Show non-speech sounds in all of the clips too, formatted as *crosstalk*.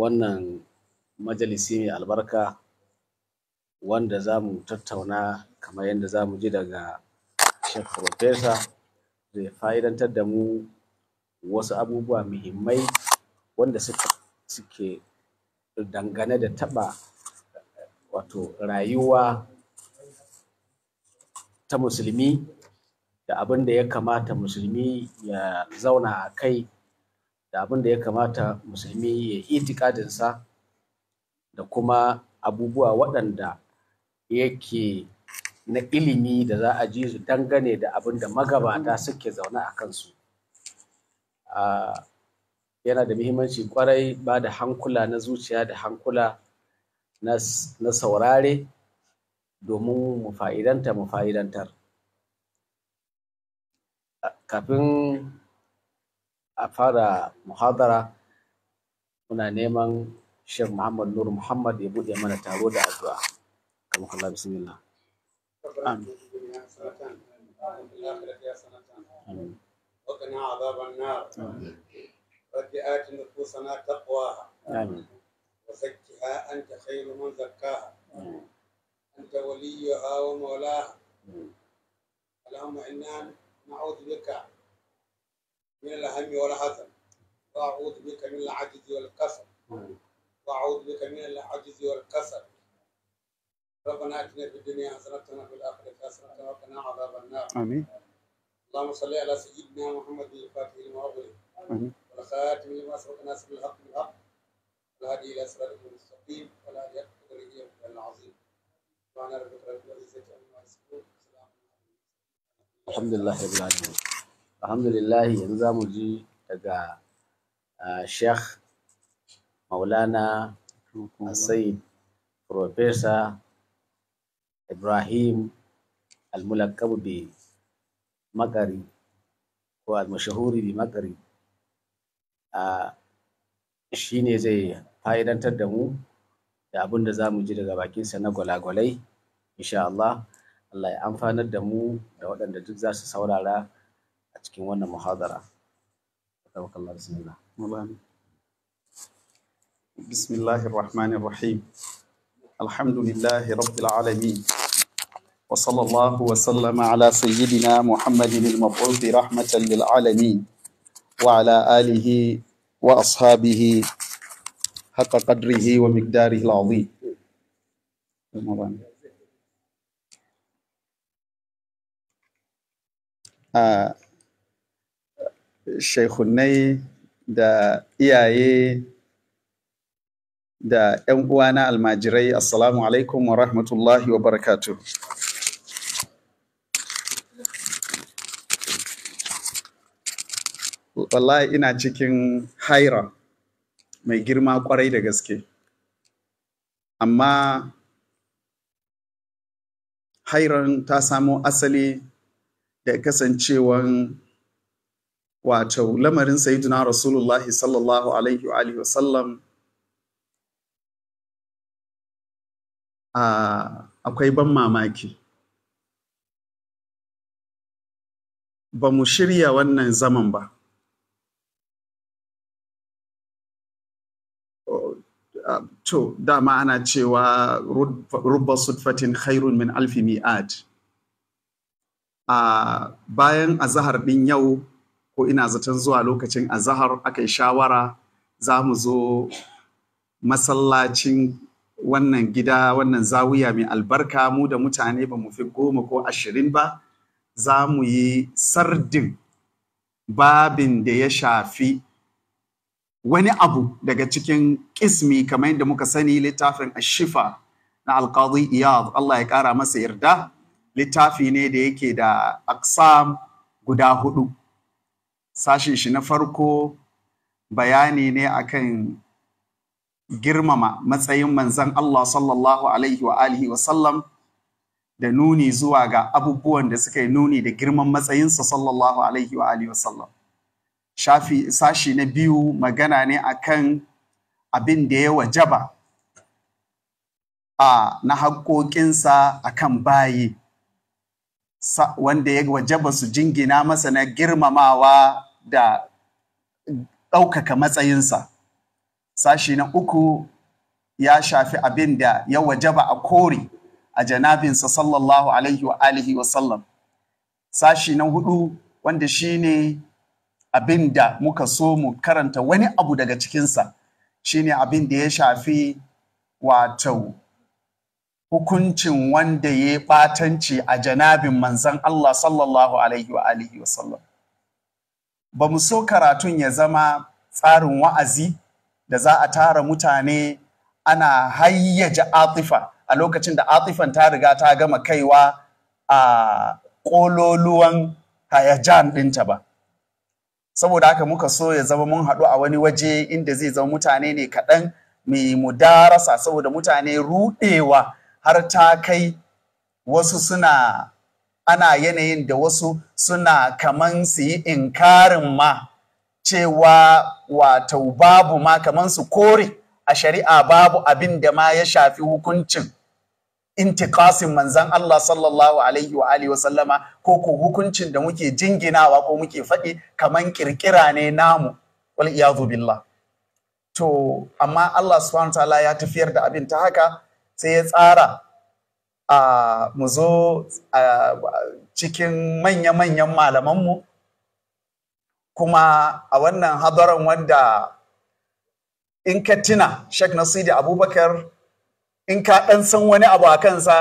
wannan majalisi mai albarka wanda za mu tattauna kamar yadda za mu ji daga Sheikh Profesa zai fa'idantar da mu wasu abubuwa muhimmai wanda suke dangane da taɓa wato rayuwa ta musulmi da abin da ya kamata musulmi ya zauna a kai da abin da ya kamata musulmi ya itikadinsa da kuma abubuwa waɗanda yake na ilimi da za a ji su dangane da abin da magabata suke zaune a kansu yana da muhimmanci kwarai ba da hankula na zuciya da hankula na saurare domin mu fa'idanta mu fa'idantar kafin a fara muhadara muna neman Sheikh Muhammad Nur Muhammad ya buɗe mana taro da addu'a. Kamar Allah bismillah. Amin. Amin. وقنا عذاب النار رب آت نفوسنا تقواها آمين وزكها أنت خير من زكاها آمين أنت وليها ومولاها اللهم إنا نعوذ بك من الهم والحزن وأعوذ بك من العجز والكسل نعم. وأعوذ بك من العجز والكسل ربنا اتنا في الدنيا حسنة وفي الآخرة حسنة وقنا عذاب النار آمين اللهم صل على سيدنا محمد الفاتح المغفر آمين والخاتم لما سبق الناس الحق بالحق والهادي إلى صراط المستقيم والهادي إلى العظيم سبحان ربك رب العزة عما يصفون الحمد لله رب العالمين alhamdulillahi yanzu za mu ji daga sheikh maulana asai profesa ibrahim almulakabu bi makari ko almashahuri bi makari shi ne zai fa'idantar da mu da abin da za mu ji daga bakinsa na gwalagwalai insha Allah Allah ya amfanar da mu da waɗanda duk za su saurara cikin wannan muhadara tawakkal bismillah بسم الله الرحمن الرحيم الحمد لله رب العالمين وصلى الله وسلم على سيدنا محمد المبعوث رحمة للعالمين وعلى آله وأصحابه حق قدره ومقداره العظيم آه shaihunnai da iyaye da 'yan uwa na almajirai assalamu alaikum wa rahmatullahi wa barakatu wallahi ina cikin haira mai girma kwarai da gaske amma hairan ta samo asali da kasancewan wato lamarin sayyidina Rasulullah sallallahu alaihi wa alihi wasallam ah, akwai ban mamaki ba mu shirya wannan zaman ba to dama ana cewa rubba sudfatin khairun min alfi mi'ad a ah, bayan azahar din yau ko ina zaton zuwa lokacin azahar aka yi shawara za mu zo masallacin wannan gida wannan zawiya mai albarka mu da mutane ba mu fi goma ko ashirin ba za mu yi sardin babin da ya shafi wani abu daga cikin kismi kamar yadda muka sani littafin ashifa na alkazi iyad Allah ya ƙara masa yarda littafi ne da yake da aksam guda hudu Sashen shi na farko bayani ne akan girmama matsayin manzan Allah sallallahu alaihi wa alihi wa sallam da nuni zuwa ga abubuwan da suka yi nuni da girman matsayinsa sallallahu alaihi wa alihi wa sallam shafi sashi na biyu magana ne akan abin da ya wajaba a na haƙoƙinsa akan bayi wanda ya wajaba su jingina masa na girmamawa da ɗaukaka matsayinsa. Sashi na uku ya shafi abin da ya wajaba a kori a janabinsa sallallahu alaihi wa alihi wa sallam. Sashi na hudu wanda shi ne abin da muka so mu karanta wani abu daga cikinsa shi ne abin da ya shafi wato hukuncin wanda ya yi ɓatanci a janabin manzan Allah sallallahu alaihi wa alihi wa Ba mu so karatun ya zama tsarin wa'azi da za a tara mutane ana hayyaja atifa a lokacin da atifan ta riga ta gama kaiwa a ƙololuwan hayajan ɗinta ba. Saboda haka muka so ya zama mun haɗu a wani waje inda zai zama mutane ne kaɗan mai mudarasa saboda mutane ruɗewa. har ta kai wasu suna ana yanayin da wasu suna kaman su yi inkarin ma cewa wato babu ma kaman su kore a shari'a babu abin da ma ya shafi hukuncin intikasin manzan Allah sallallahu alaihi wa alihi wasallama ko ko hukuncin da muke jinginawa ko muke faɗi kaman kirkira ne namu wal iyadu billah to amma Allah subhanahu ta'ala ya tafiyar da abin ta haka sai ya tsara a mu zo cikin manya-manyan malamanmu kuma a wannan hadaran wanda in ka tuna Sheikh Nasidi Abubakar in ka ɗan san wani abu a kansa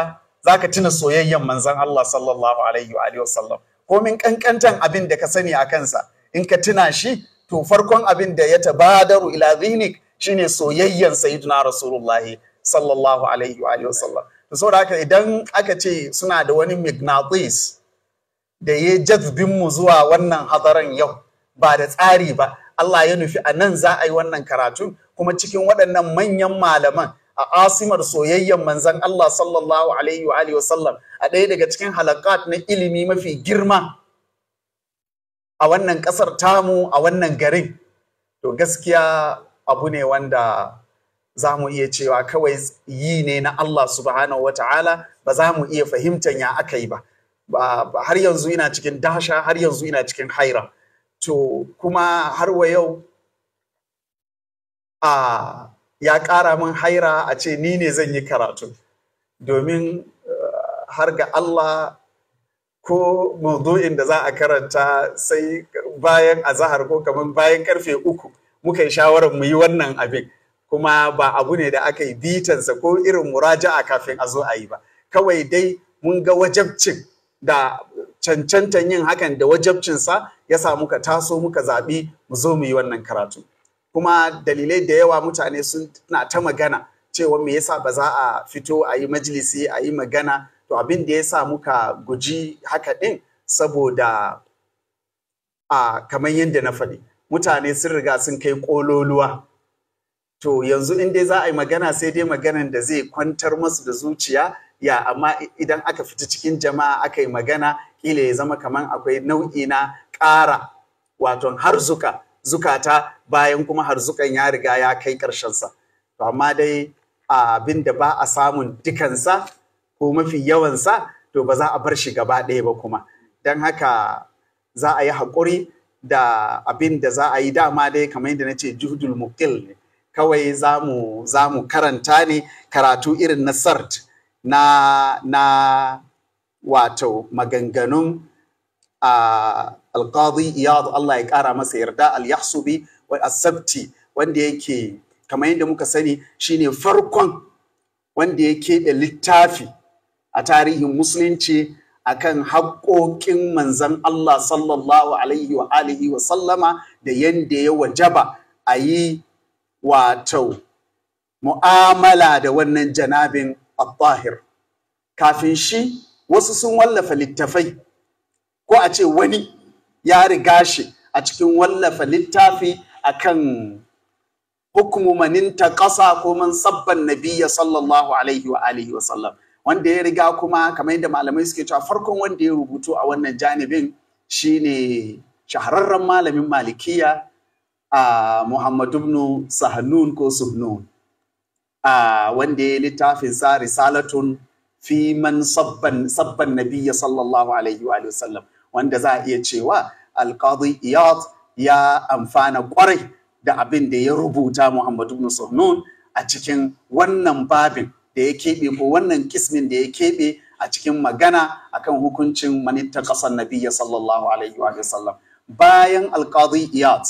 za ka tuna soyayyen manzan Allah sallallahu alaihi wa ko min ƙanƙantan abin da ka sani a kansa in ka tuna shi to farkon abin da ya tabadaru ila zinik shine soyayyen sayyidina rasulullahi sallallahu alaihi wa sallam to saboda haka idan aka ce suna da wani mignatis da ya jazbin mu zuwa wannan hadaran yau ba da tsari ba Allah ya nufi a nan za a yi wannan karatu kuma cikin waɗannan manyan malaman a asimar soyayyen manzan Allah sallallahu alaihi wa sallam a ɗaya daga cikin halakat na ilimi mafi girma a wannan ƙasar tamu a wannan garin to gaskiya abu ne wanda za mu iya cewa kawai yi ne na Allah subhanahu wa ta'ala ba za mu iya fahimtar ya aka yi ba. Har yanzu ina cikin dasha, har yanzu ina cikin haira. To, kuma har wa yau ya ƙara min haira a ce ni ne zan yi karatu. Domin eh, har ga Allah ko maudu'in da za a karanta sai bayan azahar ko kamar bayan karfe uku muka yi shawarar mu yi wannan abin. kuma ba abu ne da aka yi bitansa ko irin muraja'a kafin a zo a yi ba kawai dai mun ga wajabcin da cancantan yin hakan da wajabcinsa ya sa muka taso muka zaɓi mu zo mu yi wannan karatu kuma dalilai da yawa mutane sun na ta magana cewa me yasa ba za a fito a yi majalisi a yi magana to abin da ya sa muka guji haka ɗin saboda a kamar yadda na faɗi mutane sun riga sun kai ƙololuwa to yanzu in dai za a yi magana sai dai maganan da zai kwantar masu da zuciya ya amma idan aka fita cikin jama'a aka yi magana kila ya zama kamar akwai nau'i na ƙara waton harzuka zukata bayan kuma harzukan ya riga ya kai ƙarshensa to amma dai abin da ba a samun dukansa ko mafi yawan sa, to ba za a bar shi gaba ɗaya ba kuma Dan haka za a yi haƙuri da abin da za a yi dama dai kamar yadda na ce juhudul muqil ne kawai za mu karanta ne karatu irin na sart na, na wato maganganun uh, alƙadi iyadu Allah ya ƙara masa yarda al-yahsubi wa asabti wanda yake kamar yadda muka sani shine farkon wanda ya keɓe littafi a tarihin musulunci a kan haƙoƙin manzan Allah sallallahu alaihi wa wa sallama da yadda ya wajaba a yi wato mu'amala da wannan janabin al-tahir kafin shi wasu sun wallafa littafai ko a ce wani ya riga shi a cikin wallafa littafi a kan maninta ƙasa ko man sabban nabiya sallallahu alaihi wa alihi wa sallam wanda ya riga kuma kamar yadda malamai suke cewa farkon wanda ya rubutu a wannan janibin shine shahararren malamin malikiya a Muhammadu ibn Sahnun ko Suhnun a wanda ya littafin sa risalatun fi man sabban sabban nabiyya sallallahu alaihi wa sallam wanda za a iya cewa alqadi iyad ya amfana kwarai da abin da ya rubuta Muhammadu ibn Sahnun a cikin wannan babin da ya keɓe ko wannan kismin da ya keɓe a cikin magana akan hukuncin manitta ƙasar nabiya sallallahu alaihi wa sallam bayan alƙadi iyat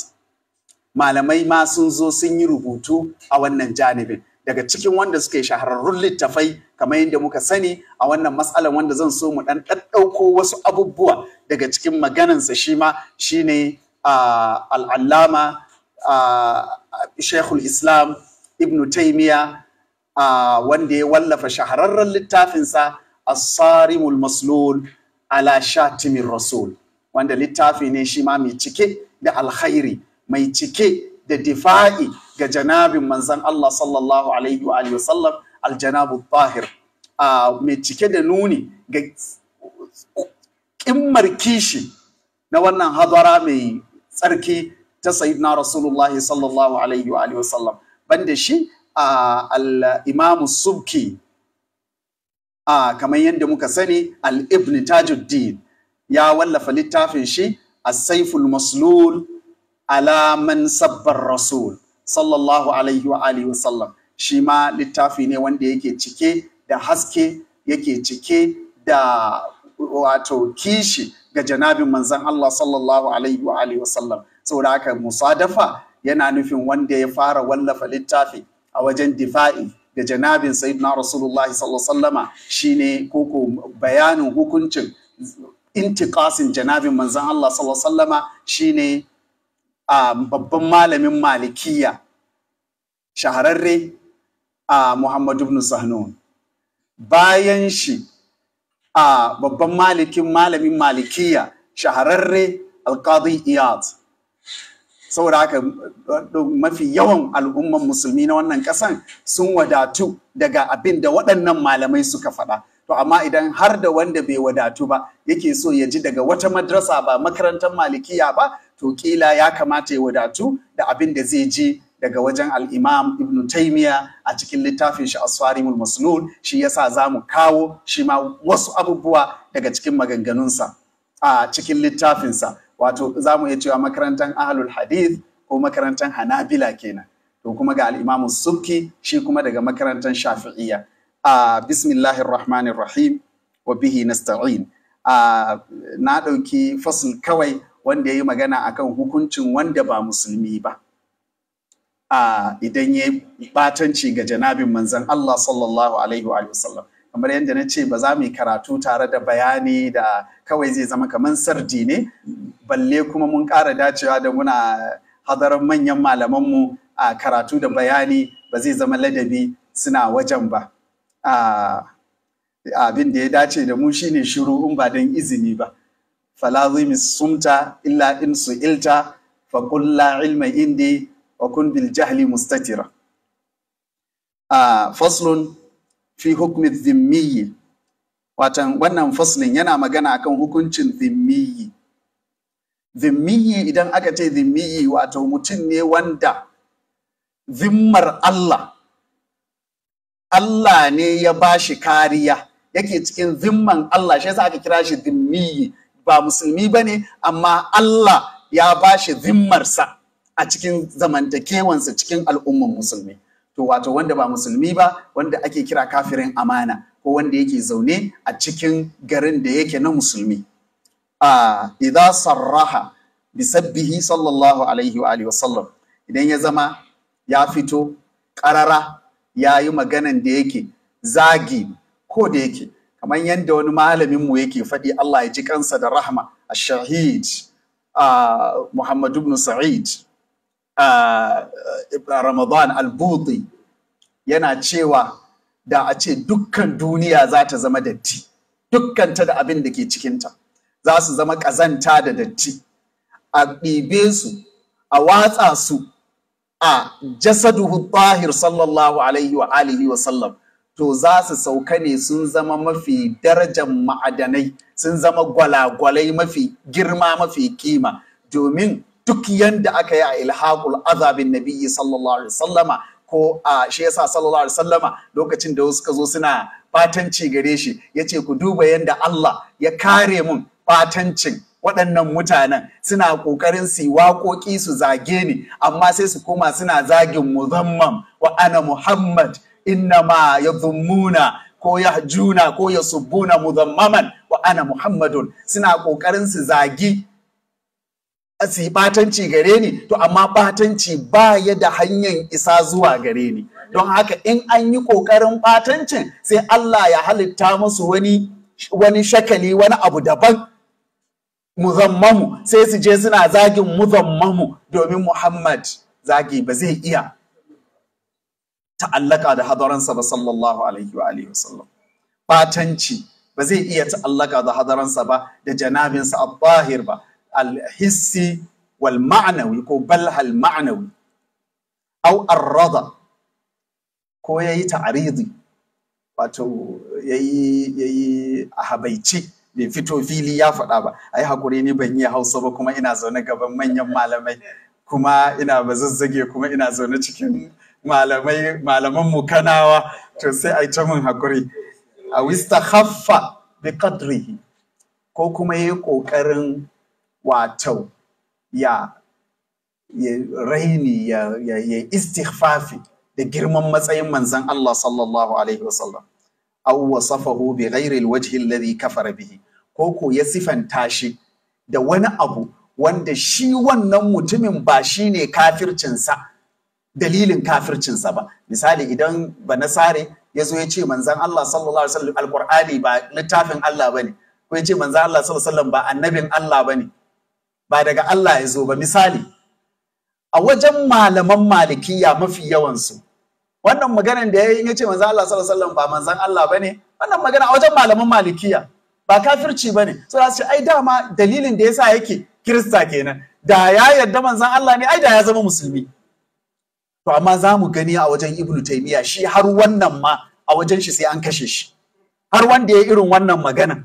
malamai ma sun zo sun yi rubutu a wannan janibin daga cikin wanda suke shahararrun littafai kamar yadda muka sani a wannan matsalar wanda zan so mu dan ɗauko wasu abubuwa daga cikin maganansa shi ma shine al'allama shekul islam ibn taimiya wanda ya wallafa shahararrun littafinsa asarimul maslul ala shatimin rasul wanda littafi ne shi ma mai cike da alkhairi mai cike da difa'i ga janabin manzan Allah sallallahu alaihi wa alihi wasallam aljanabu tahir mai cike da nuni ga kimmar kishi na wannan hadara mai tsarki ta sayyidina rasulullahi sallallahu alaihi wa alihi wasallam banda shi al-imamu subki kamar yadda muka sani al-ibn tajuddin ya wallafa littafin shi as-saiful maslul ala man sabbar rasul sallallahu alaihi wa alihi wa sallam shi ma littafi ne wanda yake cike da haske yake cike da wato kishi ga janabin manzon Allah sallallahu alaihi wa alihi wa sallam saboda haka musadafa yana nufin wanda ya fara wallafa littafi a wajen difa'i da janabin sayyidina rasulullahi sallallahu alaihi wasallama shine koko bayanin hukuncin intiqasin janabin manzon Allah sallallahu alaihi shine babban malamin malikiya shahararre a Muhammadu ibn Zahnun. Bayan shi a babban malikin malamin malikiya shahararre alƙadi Iyad. Saboda haka mafi yawan al'umman musulmi na wannan ƙasan sun wadatu daga abin da waɗannan malamai suka faɗa. To amma idan har da wanda bai wadatu ba yake so ya ji daga wata madrasa ba makarantar malikiya ba to kila ya kamata ya wadatu da abin da zai je daga wajen al'imam ibn taimiya a cikin littafin shi aswarimul masnun shi yasa za mu kawo shi ma wasu abubuwa daga cikin maganganunsa a cikin littafinsa wato za mu iya cewa makarantar ahlul hadith ko makarantar hanabila kenan to kuma ga al'imamu Suki shi kuma daga makarantar shafi'iyya a bismillahir rahmanir rahim wa bihi nasta'in na ɗauki fasul kawai wanda ya yi magana akan hukuncin wanda ba musulmi ba a idan ya yi batanci ga janabin manzan Allah sallallahu alaihi wa sallam kamar yadda na ce ba za mu yi karatu tare da bayani da kawai zai zama kamar sardi ne balle kuma mun ƙara dacewa da muna hadarar manyan malamanmu a karatu da bayani ba zai zama ladabi suna wajen ba abin da ya dace da mu shine shiru in ba don izini ba falazim sumta illa in su'ilta fa qul la ilma indi wa kun bil jahli mustatira a faslun fi hukmi dhimmi watan wannan faslin yana magana akan hukuncin dhimmi dhimmi idan aka ce dhimmi wato mutum ne wanda zimmar Allah Allah ne ya bashi kariya yake cikin zimman Allah shi yasa aka kira shi zimmiyi ba musulmi ba ne amma Allah ya ba shi zimmarsa a cikin zamantakewansa cikin al'umman musulmi to wato wanda ba musulmi ba wanda ake kira kafirin amana ko wanda yake zaune a cikin garin da yake na musulmi a idan sarraha bisabbihi sallallahu alaihi wa sallam, idan ya zama ya fito ƙarara ya yi maganan da yake zagi ko da yake kamar yadda wani malamin mu yake faɗi Allah ya ji kansa da rahma a shahid a Muhammadu ibn Sa'id a Ramadan al-Buti yana cewa da a ce dukkan duniya za ta zama datti dukkanta da abin da ke cikinta za su zama ƙazanta da datti a ɗibe su a watsa su a jasaduhu tahir sallallahu alaihi wa alihi wa sallam to za su sauka ne sun zama mafi darajar ma'adanai sun zama gwalagwalai mafi girma mafi kima domin duk yanda aka yi a ilhaqul azabin nabiyyi sallallahu alaihi wasallama ko a shi yasa sallallahu alaihi wasallama lokacin da suka zo suna batanci gare shi yace ku duba yanda Allah ya kare mun batancin waɗannan mutanen suna ƙoƙarin su waƙoƙi su zage ni amma sai su koma suna zagin muzamman wa ana muhammad ya zumuna, ko yahjuna ko yasubbuna mudhammaman wa ana muhammadun suna kokarin su zagi su yi batanci gare ni to amma batanci ba ya da hanyar isa zuwa gare ni don haka in an yi kokarin batancin sai Allah ya halitta masu wani wani shakali wani abu daban muzammamu sai su je suna zagin muzammamu domin Muhammad zagi ba zai iya ta'allaka da hadaransa ba sallallahu alaihi wa alihi wasallam batanci ba zai iya ta'allaka da hadaransa ba da janabinsa a zahir ba alhissi wal ma'anawi ko bal hal au arrada ko yayi ta'aridi, wato yi a habaici bai fito fili ya faɗa ba A yi hakuri ni ban yi hausa ba kuma ina zaune gaban manyan malamai kuma ina ba bazazzage kuma ina zaune cikin malamai malaman mu kanawa to sai a ta mun hakuri a wista haffa bi qadrihi ko kuma yi kokarin wato ya ya raini ya ya istighfafi da girman matsayin manzon Allah sallallahu alaihi wasallam aw wasafahu bi ghairi alwajhi alladhi kafara bihi ko ko ya sifanta shi da wani abu wanda shi wannan mutumin ba shine ne kafircinsa dalilin kafircinsa ba misali idan ba nasare ya zo ya ce manzan Allah sallallahu alaihi wasallam alqur'ani ba littafin Allah bane ko ya ce manzan Allah sallallahu alaihi wasallam ba annabin Allah bane ba daga Allah ya zo ba misali a wajen malaman malikiya mafi yawansu wannan maganar da ya ce manzan Allah sallallahu alaihi wasallam ba manzan Allah bane wannan magana a wajen malaman malikiya ba kafirci bane so za su ce ai dama dalilin da yasa yake kirista kenan da ya yarda manzan Allah ne ai da ya zama musulmi to amma za mu gani a wajen ibnu taimiya shi har wannan ma a wajen shi sai an kashe shi har wanda ya irin wannan magana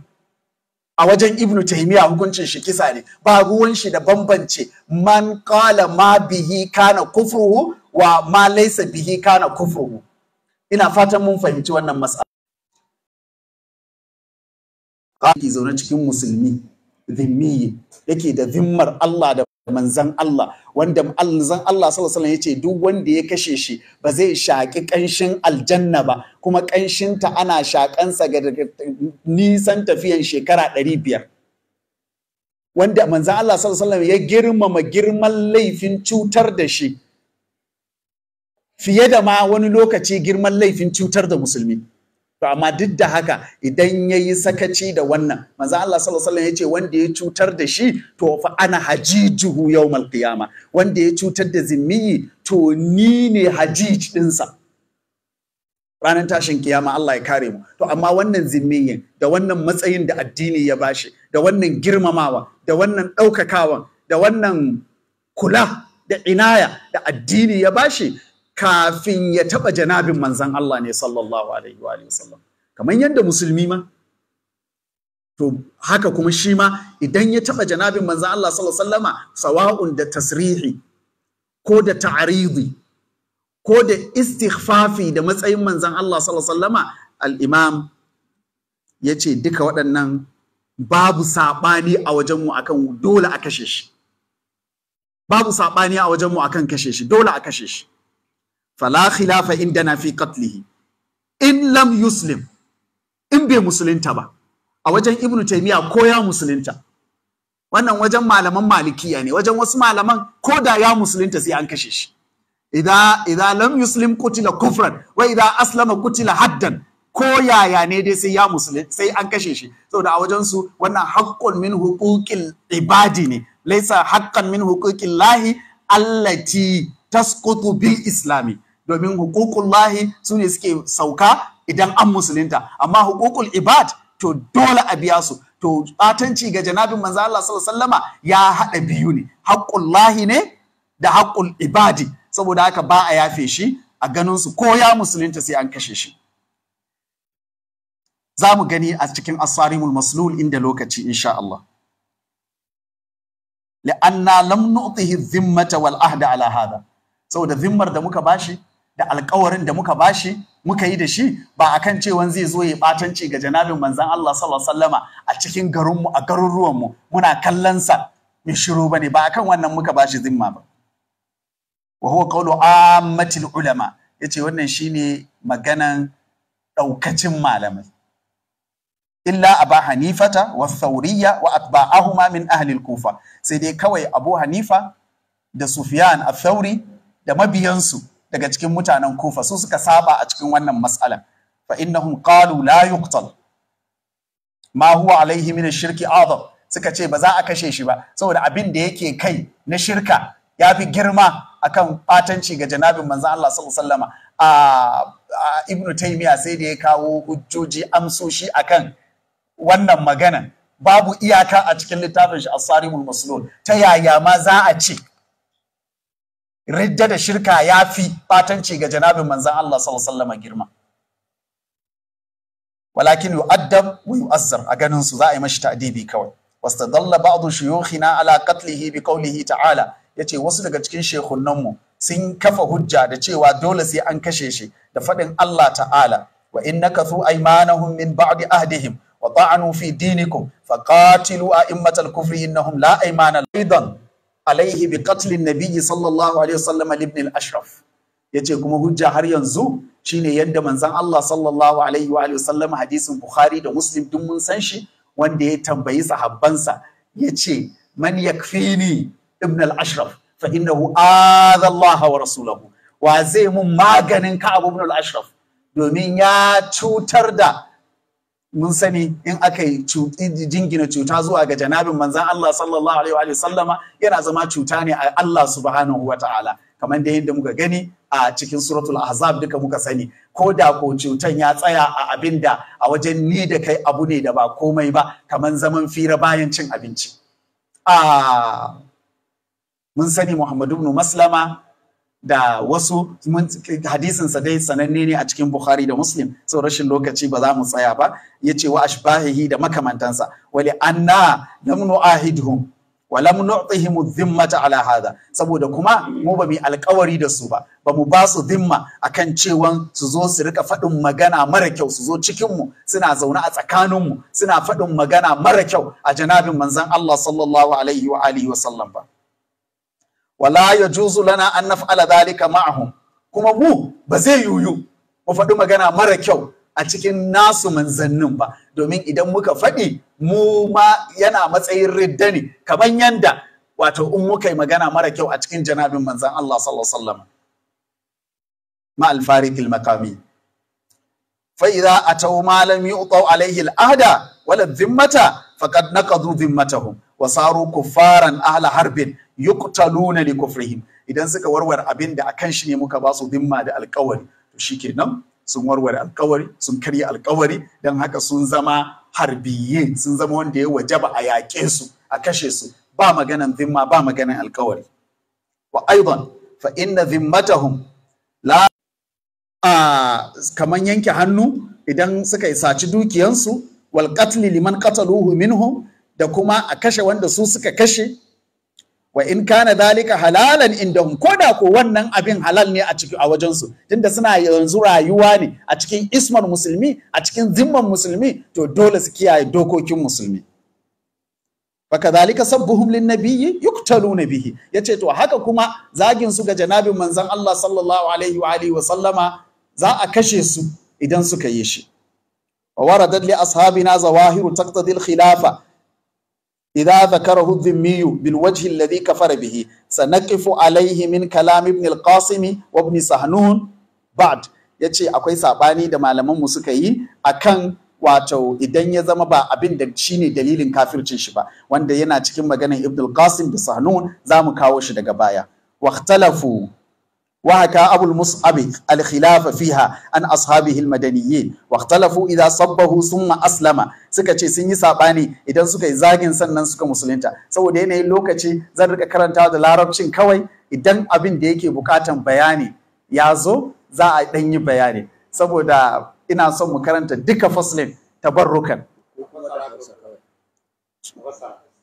a wajen ibnu taimiya hukuncin shi kisa ne ba ruwan shi da bambance man qala ma bihi kana kufruhu wa ma laysa bihi kana kufruhu ina fatan mun fahimci wannan mas'ala zaune cikin musulmi zimmi yake da zimmar Allah da manzan Allah wanda manzan Allah sallallahu alaihi yace duk wanda ya kashe shi ba zai shaki kanshin aljanna ba kuma kanshin ta ana shakansa ga nisan tafiyan shekara biyar. wanda manzan Allah sallallahu ya girmama girman laifin cutar da shi fiye da ma wani lokaci girman laifin cutar da musulmi to amma duk da haka idan ya yi sakaci da wannan manzo Allah sallallahu alaihi ya ce wanda ya cutar da shi to fa ana hajijuhu yawmal qiyama wanda ya cutar da zimmi to ni ne hajij dinsa ranar tashin kiyama Allah ya kare mu to amma wannan zimmiyin da wannan matsayin da addini ya bashi da wannan girmamawa da wannan ɗaukakawan da wannan kula da inaya da addini ya bashi kafin ya taɓa janabin manzan Allah ne sallallahu alaihi wa sallam kamar yadda musulmi ma to haka kuma shi ma idan ya taɓa janabin manzan Allah sallallahu alaihi wa sallama sawa'un da tasrihi ko da ta'aridi ko da istighfafi da matsayin manzan Allah sallallahu alaihi wa sallama al-imam ya ce duka waɗannan babu saɓani a wajenmu akan dole a kashe shi babu saɓani a wajenmu akan kashe shi dole a kashe shi fala khilafa indana fi qatlihi in lam yuslim in bai musulunta ba a wajen ibnu taymiya ko ya musulunta wannan wajen malaman malikiya ne wajen wasu malaman ko da ya musulunta sai an kashe shi idan idan lam yuslim kutila kufran wa idan aslama kutila haddan ko yaya ne dai sai ya musulun sai an kashe shi saboda a wajen su wannan haqqun min huquqil ibadi ne laysa haqqan min huquqil lahi allati tasqutu bil islami domin hukukun lahi su ne suke sauka idan an musulunta amma hukukul ibad to dole a biya su to batanci ga janabin manzo Allah sallallahu ya hada biyu ne haqqul lahi ne da haqqul ibadi saboda haka ba a yafe shi a ganin su ko ya musulunta sai an kashe shi za mu gani a cikin asarimul maslul inda lokaci insha Allah la'anna lam nu'tihi dhimmata wal ahda ala hada saboda zimmar da muka bashi da alkawarin da muka bashi muka yi da shi ba a kan cewan zai zo ya batanci ga janabin manzon Allah sallallahu alaihi a cikin garinmu a garuruwanmu muna kallon sa mai shiru bane ba a kan wannan muka bashi zimma ba wa huwa qawlu ammatil ulama yace wannan shine maganan daukacin malamai illa aba hanifata wa thauriyya wa atba'ahuma min ahli al-kufa sai dai kawai abu hanifa da sufyan al da mabiyansu daga cikin mutanen kufa su suka saba a cikin wannan matsalan. fa innahum qalu la yuqtal ma huwa alaihi min shirki azam suka ce ba za a kashe shi ba saboda abin da yake kai na shirka ya fi girma akan batanci ga janabin manzon Allah sallallahu alaihi wasallam a ibnu taymiya sai da ya kawo hujjoji amsoshi akan wannan magana babu iyaka a cikin littafin shi as-sarimul maslul ta yaya ma za a ce ridda da shirka ya fi batanci ga janabin manzan Allah sallallahu girma walakin yu'addab wa azzar a ganin su za a yi mashi ta'adibi kawai Dalla ba'du shuyukhina ala qatlihi bi qawlihi ta'ala yace wasu daga cikin shekunan sun kafa hujja da cewa dole sai an kashe shi da faɗin Allah ta'ala wa in innakathu aymanahum min ba'di ahdihim wa ta'anu fi dinikum faqatilu a'immatal kufri innahum la aymana aidan alaihi bi katlin nabiyyi sallallahu alaihi wasallam ibn al-ashraf yace kuma hujja har yanzu shine yadda manzon Allah sallallahu alaihi wa wasallam hadisin Bukhari da Muslim duk mun san shi wanda ya tambayi sahabbansa yace man yakfini ibn al-ashraf fa innahu adha Allah wa rasulahu wa zai mun maganin ka Abu ibn al-ashraf domin ya cutar da mun sani in aka yi jingina cuta zuwa ga janabin manzan Allah sallallahu alaihi wa sallama yana zama cuta ne a Allah subhanahu wa ta'ala kamar da yadda muka gani a cikin suratul ahzab duka muka sani ko da ko cutan ya tsaya a abin da a wajen ni da kai abu ne da ba komai ba kamar zaman fira bayan cin abinci a ah, mun sani Muhammadu Maslama da wasu hadisinsa dai sananne ne a cikin Bukhari da Muslim sau rashin lokaci ba za mu tsaya ba Ya ce wa ashbahihi da makamantansa wali anna lam nu'ahidhum wa lam nu'tihim dhimmata ala hada saboda kuma mu ba mu alƙawari da su ba ba mu ba su dhimma akan cewan su zo su rika faɗin magana mara kyau su zo cikin mu suna zaune a tsakanin mu suna faɗin magana mara kyau a janabin manzon Allah sallallahu alaihi wa alihi wa sallam ba wala ya juzu lana an naf'ala dhalika ma'ahum kuma mu ba zai yuyu mu faɗi magana mara kyau a cikin nasu manzannin ba domin idan muka faɗi mu ma yana matsayin ridda ne kamar yanda wato in muka yi magana mara kyau a cikin janabin manzan Allah sallallahu alaihi wasallam ma al-fariq al-maqami fa idza ataw ma lam yu'taw alaihi al-ahda wala dhimmata faqad naqadu dhimmatahum Wasaru kufaran kuffaran ahla harbin yuqtaluna li kufrihim idan suka warware abin da akan shi ne muka ba su dimma da alƙawari to shikenan sun warware alƙawari sun karya alƙawari dan haka sun zama harbiyin sun zama wanda ya wajaba a yaƙe su a kashe su ba maganan dimma ba maganan alƙawari wa aidan fa inna zimmatahum la kaman yanke hannu idan suka isaci dukiyansu wal qatl liman qataluhu minhum da kuma a kashe wanda su suka kashe wa in kana dalika halalan inda ko da ko wannan abin halal ne a ciki a wajensu tunda suna yanzu rayuwa ne a cikin ismar musulmi a cikin zimman musulmi to dole su kiyaye dokokin musulmi fakadhalika sabbuhum linnabiyyi yuqtaluna bihi yace to haka kuma zagin su ga janabin manzon Allah sallallahu alaihi wa alihi wa sallama za a kashe su idan suka yi shi wa waradat li ashabina zawahiru taqtadil khilafa idza zakarahu dhimmiyu bil wajhi alladhi kafara bihi sanakifu alaihi min kalam ibn al-qasim wa sahnun ba'd yace akwai sabani da malaman mu suka yi akan wato idan ya zama ba abin da shine dalilin kafircin shi ba wanda yana cikin maganar ibn al-qasim da sahnun zamu kawo shi daga baya واختلفوا وحكى أبو المصعب الخلاف فيها عن أصحابه المدنيين واختلفوا sabbahu sun ma أسلم suka ce sun yi saɓani idan suka yi zagin sannan suka musulunta saboda yanayin lokaci zan rika karanta da larabcin kawai idan abin da yake bukatan bayani ya zo za a ɗan yi bayani saboda ina son mu karanta duka faslin tabarrukan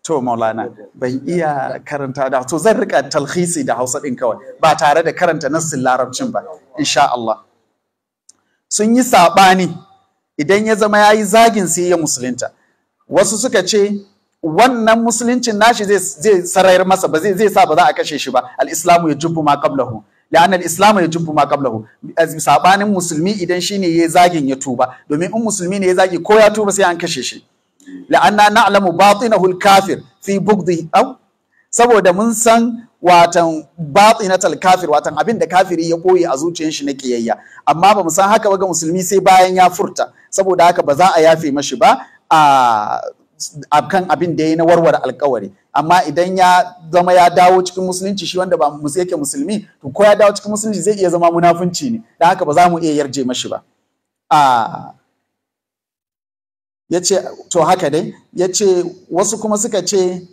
to maulana ban iya karanta da to zan rika talhisi da hausa ɗin kawai ba tare da karanta nassin larabcin ba insha Allah sun yi saɓani idan ya zama ya yi zagin sai ya musulunta wasu suka ce wannan musuluncin nashi zai sarayar masa ba zai sa ba za a kashe shi ba al-islamu jubbu ma qablahu la'anna al-islamu jubbu ma qablahu sabanin musulmi idan shine ya zagin ya tuba domin in musulmi ne ya zagi ko ya tuba sai an kashe shi la'anna na'lamu batinahu al-kafir fi bughdhi aw saboda mun san watan batinatal kafir watan abin da kafiri ya koyi a zuciyar shi na kiyayya amma ba mu san haka ba ga musulmi sai bayan ya furta saboda haka ba za a yafe mashi ba a kan abin da ya yi na warware alkawari amma idan ya zama ya dawo cikin musulunci shi wanda ba yake musulmi to ko ya dawo cikin musulunci zai iya zama munafunci ne da haka ba za mu iya yarje mashi ba a ya ce to haka dai ya ce wasu kuma suka ce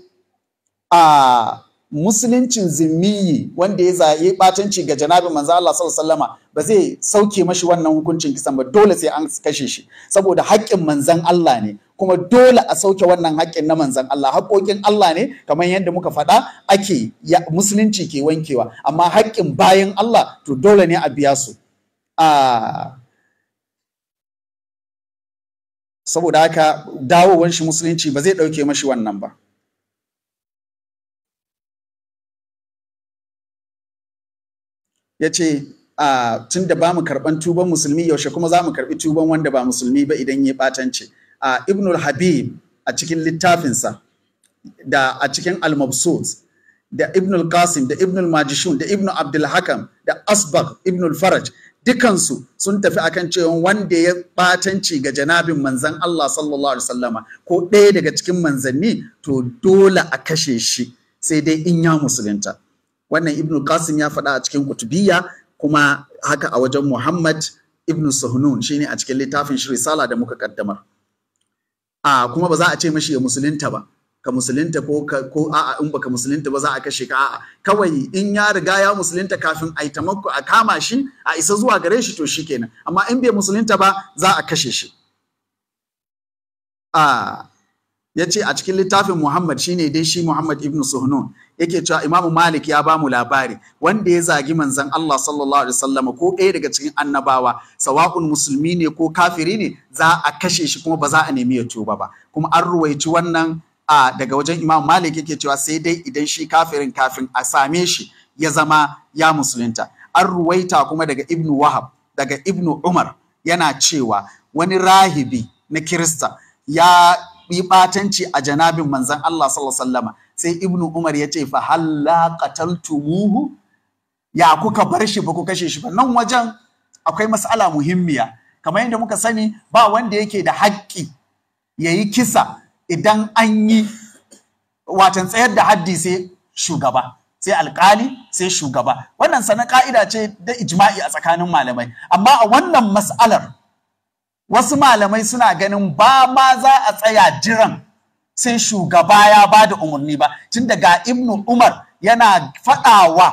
a musuluncin zimmiyi wanda ya zaye batanci ga janabin manzo Allah sallallahu ba zai sauke mashi wannan hukuncin kisan ba dole sai an kashe shi saboda haƙƙin manzon Allah ne kuma dole a sauke wannan haƙƙin na manzon Allah haƙƙoƙin Allah ne kamar yadda muka faɗa ake musulunci ke wankewa amma haƙƙin bayan Allah to dole ne a biya su a saboda haka dawowar shi musulunci ba zai ɗauke mashi wannan ba ya ce tun da ba mu karɓan tuban musulmi yaushe kuma za mu karɓi tuban wanda ba musulmi ba idan ya ɓatance ibnul habib a cikin littafinsa da a cikin al da ibnul qasim da ibnul majishun da ibnul abdul hakam da Asbak ibnul faraj dukansu sun tafi akan cewa wanda ya batanci ga janabin manzan Allah sallallahu alaihi wasallama ko ɗaya daga cikin manzanni to dole a kashe shi sai dai in ya musulunta wannan ibn qasim ya faɗa a cikin kutubiyya kuma haka a wajen muhammad ibn suhnun shine a cikin littafin shi risala da muka kaddamar a kuma ba za a ce mashi ya musulunta ba ka musulunta ko ko a'a in baka musulunta ba za a kashe ka a'a kawai in ya riga ya musulunta kafin a tamakku a kama shi a isa zuwa gare shi to kenan amma in bai musulunta ba za a kashe shi a ya ce a cikin littafin Muhammad shine dai shi Muhammad ibn Suhnun yake cewa Imam Malik ya bamu labari wanda ya zagi manzon Allah sallallahu alaihi wasallam ko ɗaya daga cikin annabawa sawa'un musulmi ne ko kafiri ne za a kashe shi kuma ba za a nemi ya tuba ba kuma an ruwaici wannan a daga wajen Imam Malik yake cewa sai dai idan shi kafirin kafin a same shi ya zama ya musulunta an ruwaita kuma daga Ibnu Wahab daga Ibnu Umar yana cewa wani rahibi na Kirista ya yi batanci a janabin manzan Allah sallallahu alaihi sai Ibnu Umar ya ce fa halla qataltumuhu ya kuka bar shi ba ku kashe shi ba nan wajen akwai mas'ala muhimmiya kamar yadda muka sani ba wanda yake da haƙƙi ya yi kisa idan an yi watan tsayar da haddi sai shugaba sai alkali sai shugaba wannan sana ka'ida ce da ijma'i a tsakanin malamai amma a wannan mas'alar wasu malamai suna ganin ba ma za a tsaya jiran sai shugaba ya ba da umarni ba tun daga ibnu umar yana faɗawa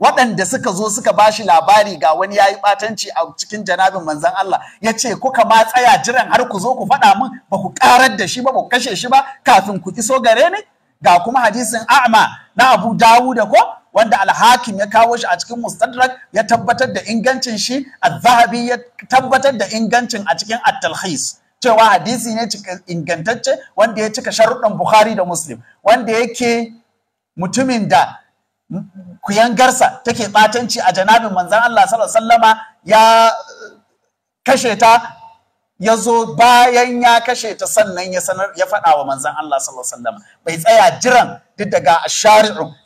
waɗanda suka zo suka ba shi labari ga wani ya yi batanci a cikin janabin manzan Allah ya ce kuka ma tsaya jiran har ku zo ku faɗa min ba ku ƙarar da shi ba ba ku kashe shi ba kafin ku iso gare ni ga kuma hadisin a'ma na Abu da ko wanda alhakim ya kawo shi a cikin mustadrak ya tabbatar da ingancin shi a zahabi ya tabbatar da ingancin a cikin at-talhis cewa hadisi ne ingantacce wanda ya cika sharuɗan bukhari da muslim wanda yake mutumin da Hmm? kuyangarsa take batanci a janabin manzan Allah sallallahu ya eh, kashe ta ya zo bayan ya kashe ta sannan ya sanar ya faɗa wa manzan Allah sallallahu alaihi wasallam bai tsaya jiran duk da ga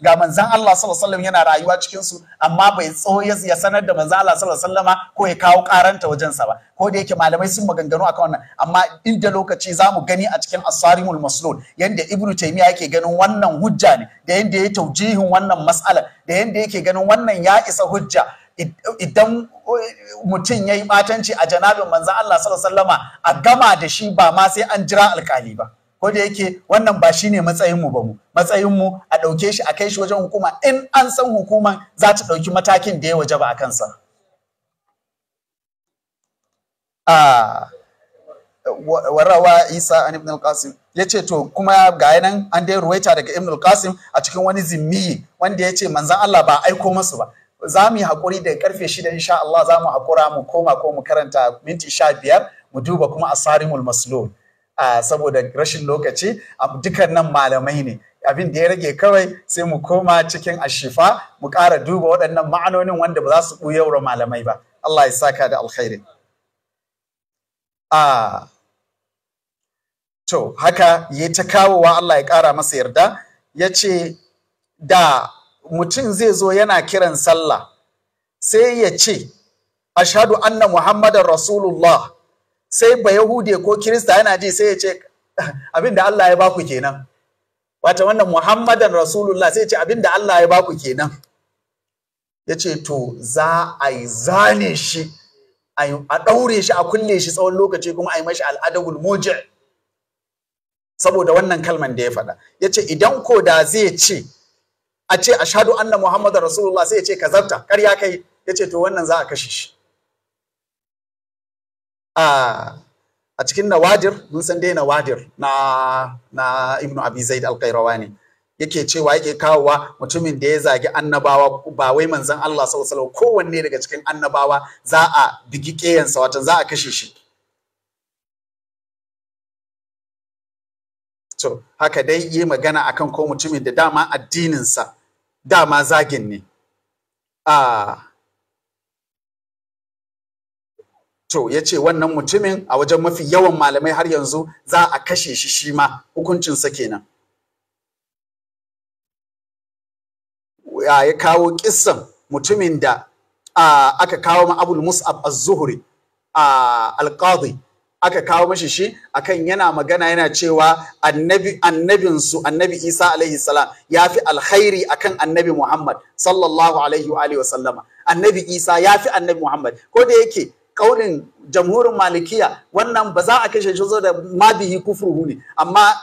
ga manzan Allah sallallahu alaihi wasallam yana rayuwa cikin su amma bai tso ya sanar da manzan Allah sallallahu alaihi wasallam ko ya kawo karanta wajen sa ba ko da yake malamai sun maganganu akan wannan amma inda lokaci zamu gani a cikin asarimul maslul yanda ibnu taymiya yake ganin wannan hujja ne da yanda ya taujihin wannan mas'ala da yanda yake ganin wannan ya isa hujja idan mutum ya yi ɓatanci a janabin manzan Allah sallama a gama da shi ba ma sai an jira alkali ba ko da yake wannan ba shine matsayinmu ba mu matsayinmu a ɗauke shi a kai shi wajen hukuma in an san hukuman za ta ɗauki matakin da ya waje ba a kansa warawa isa an ibn al-qasim ya ce to kuma ga nan an dai ruwaita daga ibn al-qasim a cikin wani zimmiyi wanda ya ce manzan Allah ba aiko masu ba za mu yi haƙuri da ƙarfe shida insha Allah za mu haƙura mu koma ko mu karanta minti sha biyar mu duba kuma asarimul maslul saboda rashin lokaci dukkan nan malamai ne abin da ya rage kawai sai mu koma cikin ashifa mu ƙara duba waɗannan ma'anonin wanda ba za su ɓuyaura malamai ba Allah ya saka da alkhairi to haka ya ta kawowa Allah ya ƙara masa yarda ya ce da mutum zai zo yana kiran sallah sai ya ce ashadu anna muhammadan rasulullah sai ba yahude ko kirista yana ji sai ya ce abin da Allah ya baku kenan wata wannan muhammadan rasulullah sai ya ce abin Allah ya baku kenan ya ce to za a yi zane shi a ɗaure shi a kulle shi tsawon lokaci kuma a yi mashi al'adagul muji' saboda wannan kalman da ya faɗa ya ce idan ko da zai ce a ce ashhadu anna muhammadu rasulullah sai ya ce kazabta karya kai ya ce to wannan za a kashe shi a cikin nawadir mun san dai nawadir na na ibnu abi zaid al ne yake cewa yake kawowa mutumin da ya zagi annabawa ba wai manzon Allah sallallahu alaihi kowanne daga cikin annabawa za a bigi keyansa watan za a kashe shi to haka dai yi magana akan ko mutumin da dama addininsa dama zagin ne to ya ce wannan mutumin a wajen mafi yawan malamai har yanzu za a kashe shi shi ma hukuncinsa kenan ya kawo kissan mutumin da aka kawo ma abul mus'ab az-zuhri al-Qadhi. aka kawo mashi shi akan yana magana yana cewa annabi annabinsu annabi Isa alaihi salam yafi alkhairi akan annabi Muhammad sallallahu alaihi wa alihi wa sallama annabi Isa yafi annabi Muhammad ko da yake kaunin jamhurin malikiya wannan ba za a kashe shi da bihi kufruhu ne amma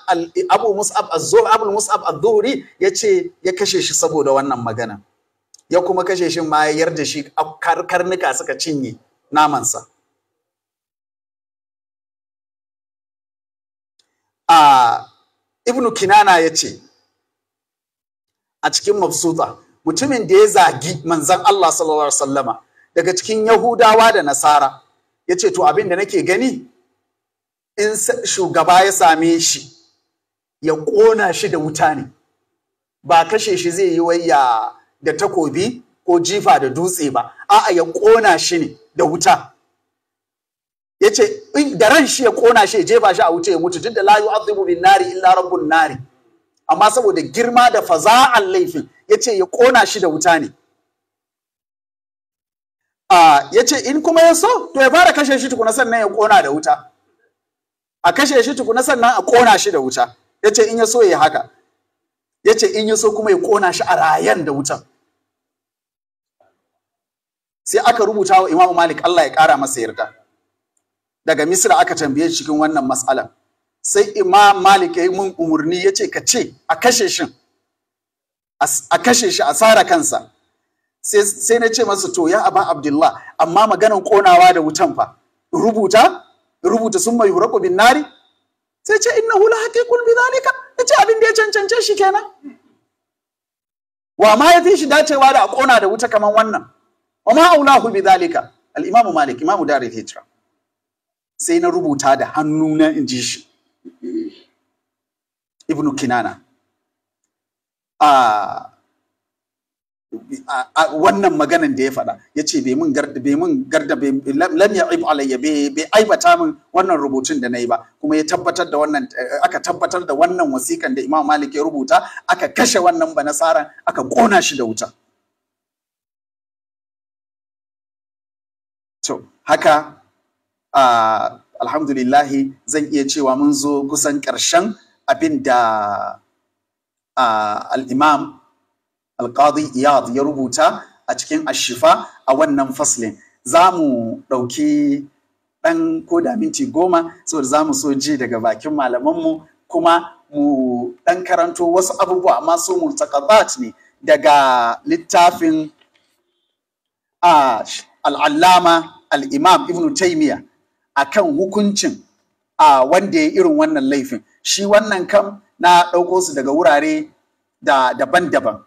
abu mus'ab az-zuhr abu mus'ab az-zuhri yace ya kashe shi saboda wannan magana ya kuma kashe shi ma ya yarda shi karnuka suka cinye namansa a ibnu kinana ya ce a cikin mabsuta mutumin da ya zagi manzan Allah sallallahu alaihi wasallama daga cikin yahudawa da nasara ya ce to abin da nake gani in shugaba ya same shi ya ƙona shi da wuta ne ba kashe shi zai yi waya da takobi ko jifa da dutse ba a'a ya ƙona shi ne da wuta yace in da ran shi ya kona shi ya jefa shi a wuce ya mutu tunda la yu'adhibu bin nari illa rabbun nari amma saboda girma da faza'an laifin yace ya kona shi da wuta ne a yace in kuma ya so to ya fara kashe shi tukuna sannan ya kona da wuta a kashe shi tukuna sannan a kona shi da wuta yace in ya so ya haka yace in ya so kuma ya kona shi a rayan da wutan sai aka rubuta wa Imam Malik Allah ya kara masa yarda daga Misra aka tambaye cikin wannan matsalan. Sai Imam Malik ya yi mun umarni ya ce ka ce a kashe shi a kashe shi a tsara kansa. Sai na ce masa to ya aba Abdullah amma maganan konawa da wutan fa rubuta rubuta sun mai huraku bin nari sai ce inna hula haqiqul kulbi zalika ce abin da ya cancance shi kenan wa ma ya fi shi dacewa da a kona da wuta kaman wannan wa ma aulahu bi zalika al Malik imamu Darul Hijra sai na rubuta da hannu in ji shi ibn kinana a wannan maganan da ya faɗa ya ce bai mun garda bai mun garda lam ya aibu alayya bai aibata min wannan rubutun da na yi ba kuma ya tabbatar da wannan aka tabbatar da wannan wasikan da imam malik ya rubuta aka kashe wannan ba nasara aka kona shi da wuta to haka alhamdulillahi zan iya cewa mun zo kusan ƙarshen abin da al'imam alƙadi iyad ya rubuta a cikin ashifa a wannan faslin za mu ɗauki ɗan ko da minti goma saboda za mu so ji daga bakin malamanmu kuma mu ɗan karanto wasu abubuwa masu multaqabat ne daga littafin al'allama al'imam ibn taimiyya a kan hukuncin a wanda ya irin wannan laifin shi wannan kam na ɗauko su daga wurare da daban-daban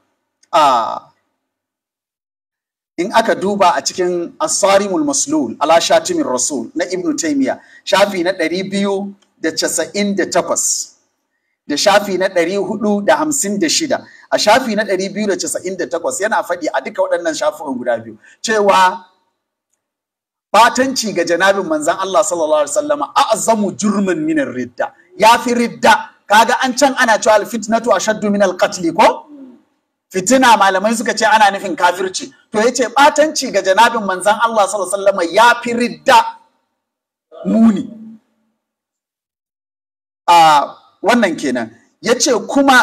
in aka duba a cikin asarimul maslul ala shatimin rasul na ibn taymiya shafi na ɗari biyu da casa'in da takwas da shafi na ɗari hudu da hamsin da shida a shafi na ɗari biyu da casa'in da takwas yana faɗi a duka waɗannan shafukan guda biyu cewa batanci ga janabin manzan Allah sallallahu alaihi wasallama a'zamu jurmin min ridda yafi ridda kaga an can ana cewa alfitnatu ashaddu min qatl ko fitina malamai suka ce ana nufin kafirci to yace batanci ga janabin manzan Allah sallallahu alaihi wasallama yafi ridda muni a wannan kenan yace kuma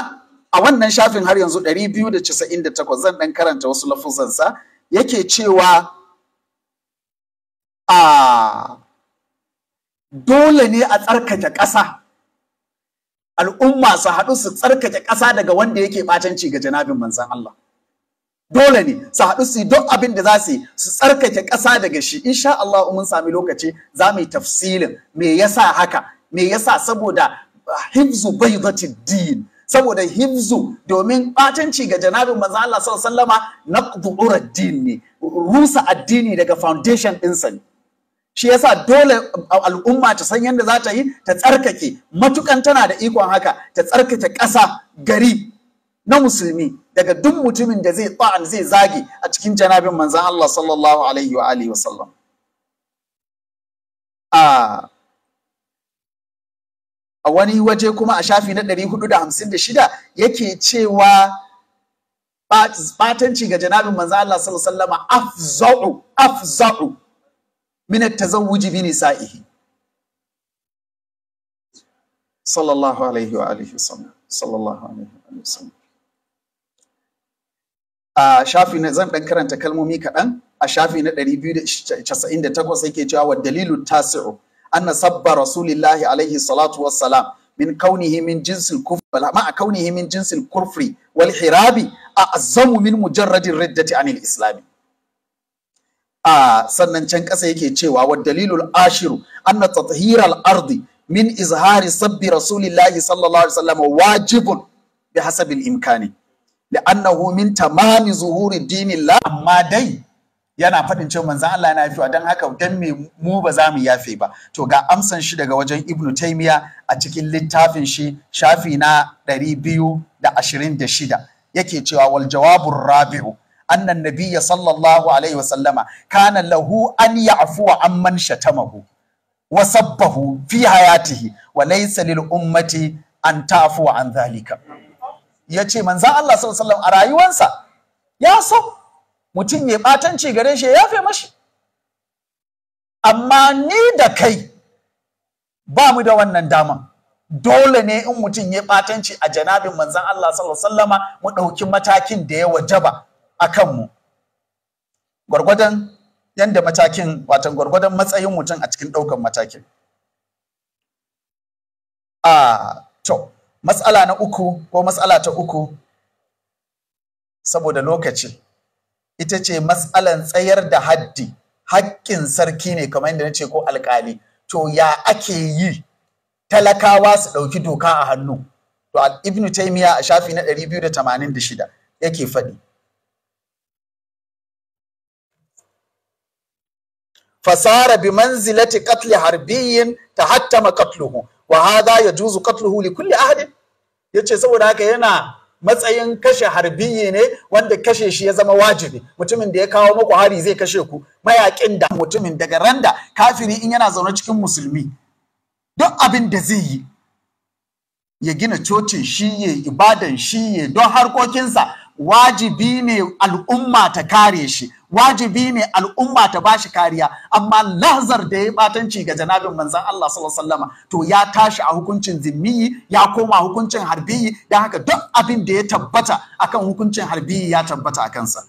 a wannan shafin har yanzu 298 zan dan karanta wasu lafuzansa yake cewa a dole ne a tsarkake ƙasa al'umma su haɗu su tsarkake ƙasa daga wanda yake ɓatanci ga janabin manzan Allah dole ne su haɗu su yi duk abin da za su yi su tsarkake ƙasa daga shi insha Allah mun sami lokaci za mu yi tafsilin me yasa haka me yasa saboda hifzu zati din saboda hifzu domin ɓatanci ga janabin manzan Allah sallallahu alaihi wasallama ƙudurar din ne rusa addini daga foundation ɗinsa ne shi yasa dole al'umma ta san yadda za ta yi ta tsarkake matukan tana da ikon haka ta tsarkake ƙasa gari na musulmi daga duk mutumin da zai tsawon zai zage a cikin janabin manzan Allah sallallahu alaihi wa alihi wasallam a wani waje kuma a shafi na 456 yake cewa batanci ga janabin manzan Allah sallallahu alaihi wa sallama afza'u afza'u min at-tazawwuj bi nisa'ihi sallallahu alaihi wa alihi wasallam sallallahu alaihi wa a shafi na zan dan karanta kalmomi kaɗan a shafi na 298 ke cewa wa dalilu tasi'u An sabba rasulillahi alaihi salatu wassalam min kaunihi min jinsil kufri ma kaunihi min jinsil kufri wal hirabi a'zamu min mujarradin riddati anil islami a sannan can ƙasa yake cewa wa dalilul ashiru anna tathiral ardi min izhari sabbi rasulillahi sallallahu alaihi wasallam wajibun bi hasabil imkani li'annahu min tamami zuhuri dinillah amma dai yana faɗin cewa manzon Allah yana yafewa dan haka dan me mu ba za mu yafe ba to ga amsan shi daga wajen ibnu Taymiya a cikin littafin shi shafi na 226 yake cewa wal jawabur rabi'u annan nabiyya sallallahu alaihi wasallama kana lahu an ya amman shatamahu wa sabbahu fi hayatihi wa laysa lil ummati an ta'fu an zalika yace manzon Allah sallallahu alaihi a rayuwarsa ya so mutum ya batanci gare shi ya fe mashi amma ni da kai ba mu da wannan daman dole ne in mutum ya batanci a janabin manzon Allah sallallahu alaihi mu ɗauki matakin da ya wajaba a kanmu gwargwadon yadda matakin watan gwargwadon matsayin mutum a cikin ɗaukan matakin a to matsala na uku ko matsala ta uku saboda lokaci ita ce matsalan tsayar da haddi haƙƙin sarki ne kamar yadda na ce ko alƙali to ya ake yi talakawa su ɗauki doka a hannu to ibnu taimiya a shafi na 286 yake faɗi fasara بمنزلة قتل حربي تحتم قتله وهذا يجوز قتله لكل أحد يجي سوى ahadin yace saboda haka yana matsayin kashe harbiye ne wanda kashe shi ya zama wajibi mutumin da ya kawo muku hari zai kashe ku mayakin da mutumin daga randa kafiri in yana zaune cikin musulmi duk abin da zai yi ya gina cocin shi ya ibadan shi ya don harkokinsa wajibi ne al'umma ta kare shi wajibi ne al'umma ta ba shi kariya amma lahzar da ya batanci ga janabin manzan Allah sallallahu to ya tashi a hukuncin zimmi ya koma hukuncin harbiyi, don haka duk abin da ya tabbata akan hukuncin harbiyi ya tabbata a kansa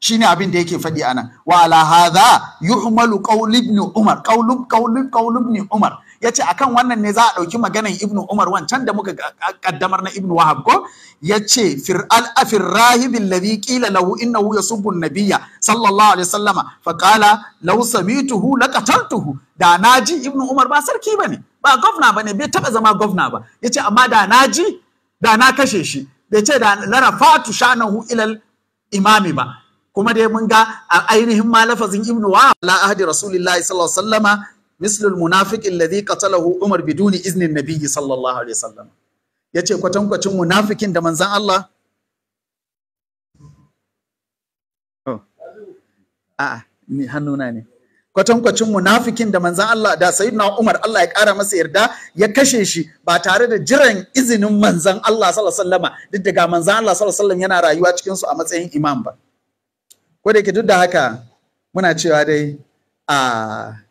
shine abin da yake faɗi anan wa ala hadha yuhmalu qawl umar qawl qawl qawl ibn umar ya ce akan wannan ne za a dauki maganan ibnu umar wancan da muka kaddamar na ibnu wahab ko ce fir'al afir Rahibin alladhi qila lahu innahu yasubbu an-nabiyya sallallahu alaihi wasallama fa qala law samituhu laqataltuhu da naji ibnu umar ba sarki bane ba gwamna ne bai taba zama gwamna ba yace amma da naji da na kashe shi bai ce da lara fatu shanahu ilal imami ba kuma dai mun ga a ainihin ma lafazin ibnu wahab ala ahdi sallallahu alaihi wasallama mislul munafiqin ladhi qatalahu Umar biduni iznin nabiyyi sallallahu alaihi كوتن yace kwatankwacin munafikin da manzon Allah oh a'a ni كوتن kwatankwacin munafikin da manzan da sayyidina Umar Allah ya kara masa yarda ya kashe shi ba tare da jiran izinin manzan Allah sallallahu alaihi duk daga manzan Allah sallallahu alaihi yana rayuwa cikin su a matsayin imam ba ko da yake duk da haka muna cewa dai a ah,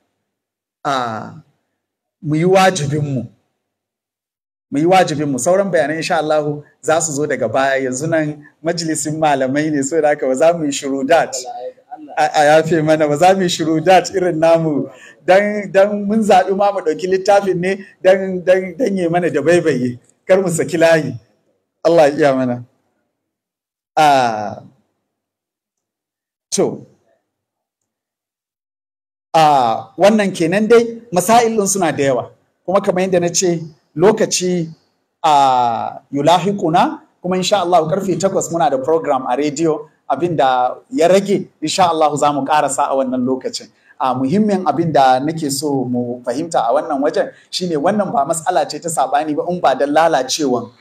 mu yi wajibinmu mu yi wajibinmu sauran bayanai insha Allah za su zo daga baya yanzu nan majalisin malamai ne so da haka ba za mu yi shiru dat a yafe mana ba za mu yi shiru dat irin namu dan mun zaɓi ma mu ɗauki littafin ne dan dan yi mana da baibaye kar mu saki layi Allah ya iya mana a to a wannan kenan dai masailin suna da yawa kuma kamar yadda na ce lokaci a yulahikuna kuma insha Allah karfe takwas muna da program a rediyo abin da ya rage insha Allah za mu karasa a wannan lokacin a muhimmin abin da nake so mu fahimta a wannan wajen shine wannan ba matsala ce ta saɓani ba in ba da lalacewan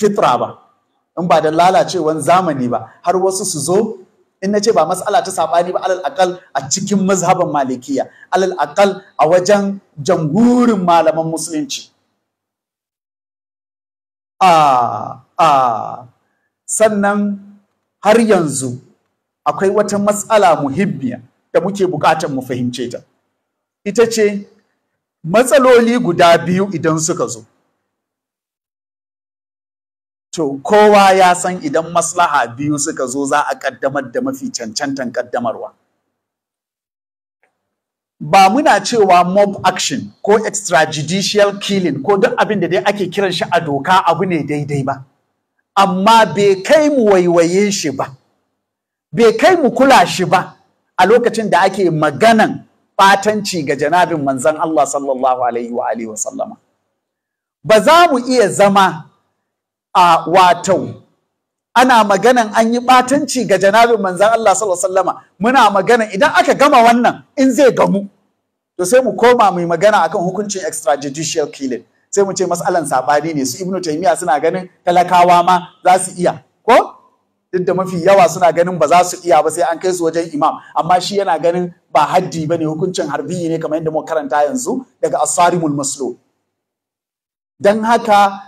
fitra ba in ba da lalacewan zamani ba har wasu su zo in na ce ba matsala ta saɓani ba alal akal a cikin mazhaban malikiya alal akal a wajen jamhurin malaman musulunci a a sannan har yanzu akwai wata matsala muhimmiya da muke buƙatar mu fahimce ta ita ce matsaloli guda biyu idan suka zo to kowa ya san idan maslaha biyu suka zo za a ƙaddamar da mafi cancantan ƙaddamarwa. ba muna cewa mob action ko extrajudicial killing ko duk abin da dai ake kiran shi a doka abu ne daidai ba amma bai kai mu waiwaye shi ba bai kai mu kula shi ba a lokacin da ake maganan ɓatanci ga janabin manzon Allah sallallahu alaihi wa sallama ba za mu iya zama a wato ana maganan an yi batanci ga janabin manzan Allah sallallahu muna magana idan aka gama wannan in zai gamu to sai mu koma mu magana akan hukuncin extrajudicial killing sai mu ce mas'alan sabani ne su ibnu taymiya suna ganin talakawa ma za su iya ko duk da mafi yawa suna ganin ba za su iya ba sai an kai su wajen imam amma shi yana ganin ba haddi ba ne hukuncin harbi ne kamar yadda mu karanta yanzu daga asarimul maslo dan haka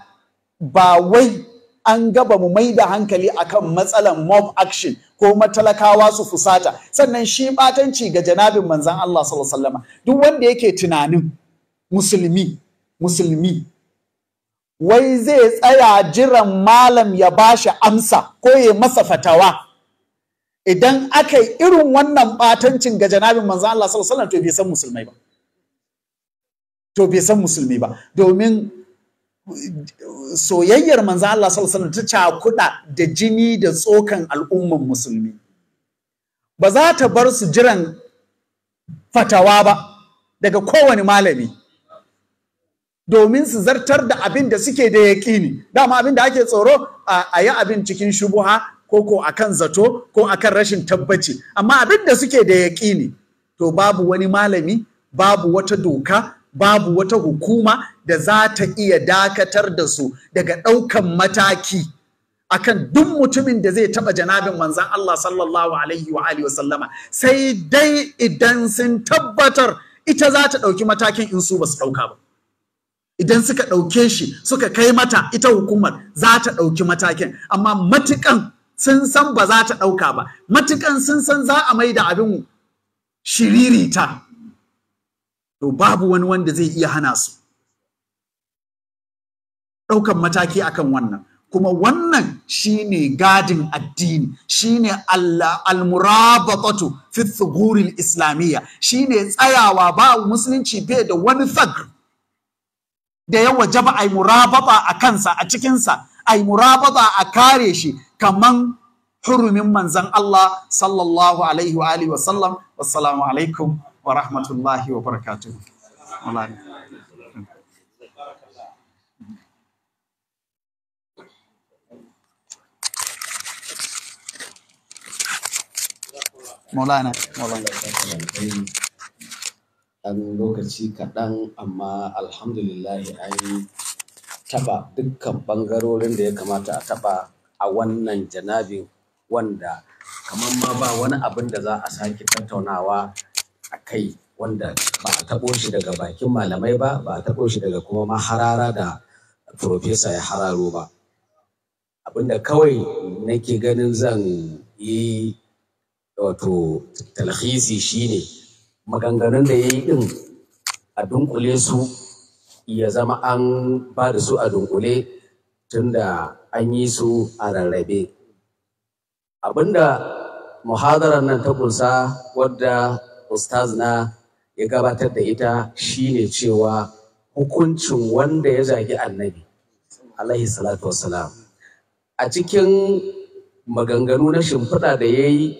ba wai an gaba mu mai da hankali akan matsalan mob action ko matalakawa su fusata sannan shi batanci ga janabin manzan Allah sallallahu alaihi wasallam duk wanda yake tunanin musulmi musulmi wai zai tsaya jiran malam ya bashi amsa ko ya masa fatawa idan aka yi irin wannan batancin ga janabin manzan Allah sallallahu alaihi wasallam to bai san musulmai ba to bai san musulmi ba domin soyayyar manzo Allah sallallahu alaihi ta Cakuɗa, da jini da tsokan al'umman musulmi ba za ta bar su jiran fatawa ba daga kowane malami domin su zartar da abin da suke da yaƙini dama abin da ake tsoro a yi abin cikin shubuha ko ko akan zato ko akan rashin tabbaci amma abin da suke da yaƙini to babu wani malami babu wata doka babu wata hukuma da za ta iya dakatar da su daga ɗaukan mataki akan duk mutumin da zai taɓa janabin manzan Allah sallallahu alaihi wa alihi sallama sai dai idan sun tabbatar ita za ta ɗauki matakin in su ba su ɗauka ba idan suka ɗauke shi suka kai mata ita hukumar za ta ɗauki matakin amma matukan sun san ba za ta ɗauka ba matukan sun san za a mai da abin shiririta to babu wani wanda zai iya hana su ɗaukan mataki akan wannan kuma wannan shine gadin addini shine Allah almurabatatu fi al islamiyya shine tsayawa ba musulunci bai da wani thag da ya wajaba ai murabata a kansa a cikinsa ai murabata a kare shi kaman hurumin manzon Allah sallallahu alaihi wa alihi wa sallam wassalamu alaikum wa rahmatullahi wa Maulana. Maulana. An lokaci kaɗan amma alhamdulillahi an taɓa dukkan ɓangarorin da ya kamata a taɓa a wannan janabin wanda kamar ma ba wani abin da za a sake tattaunawa a kai wanda ba a taɓo shi daga bakin malamai ba ba a taɓo shi daga kuma maharara da profesa ya hararo ba abinda kawai nake ganin zan yi wato talhisi shine maganganun da ya yi din a dunkule su ya zama an ba da su a dunkule tunda an yi su a rarrabe abinda muhadarar nan ta kunsa wadda ustaz na ya gabatar da ita shine cewa hukuncin wanda ya zagi annabi alaihi salatu wassalam a cikin maganganu na shimfiɗa da ya yi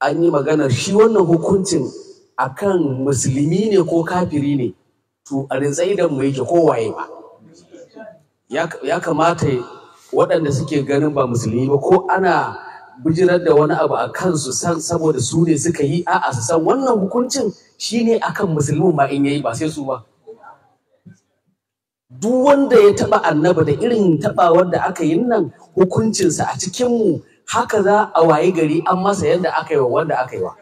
an yi maganar shi wannan hukuncin akan musulmi ne ko kafiri ne to a rintsai mu yake kowaye ba ya kamata waɗanda suke ganin ba musulmi ba ko ana bijirar da wani abu a kansu san saboda su ne suka yi a'a su san wannan hukuncin shi a akan musulmin ba in yayi ba sai su ba duk wanda ya taba annaba da irin taɓawar da aka yi nan hukuncinsa a cikinmu haka za a waye gari an masa yadda aka yi wa wanda aka yi wa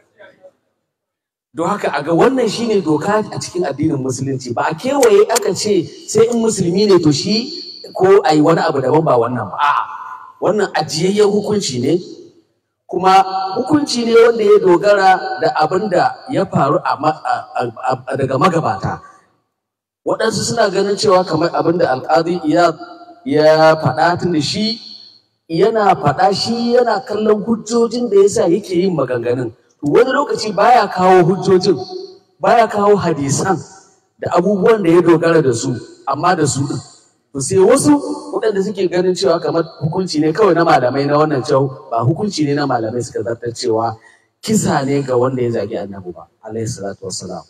don haka a ga wannan shi ne doka a cikin addinin musulunci ba a kewaye aka ce sai in musulmi ne to shi ko a yi wani abu daban ba wannan ba a'a wannan ajiyayyen hukunci ne kuma hukunci ne wanda ya dogara da abin da ya faru daga magabata waɗansu suna ganin cewa kamar abin da alƙadi ya faɗa tun da shi yana faɗa shi yana kallon hujjojin da ya sa yake yin maganganun wani lokaci baya kawo hujjojin baya kawo hadisan da abubuwan da ya dogara da su amma da su sai wasu waɗanda suke ganin cewa kamar hukunci ne kawai na malamai na wannan cewa ba hukunci ne na malamai suka zartar cewa kisa ne ga wanda ya zagi annabi ba alaihi salatu wassalam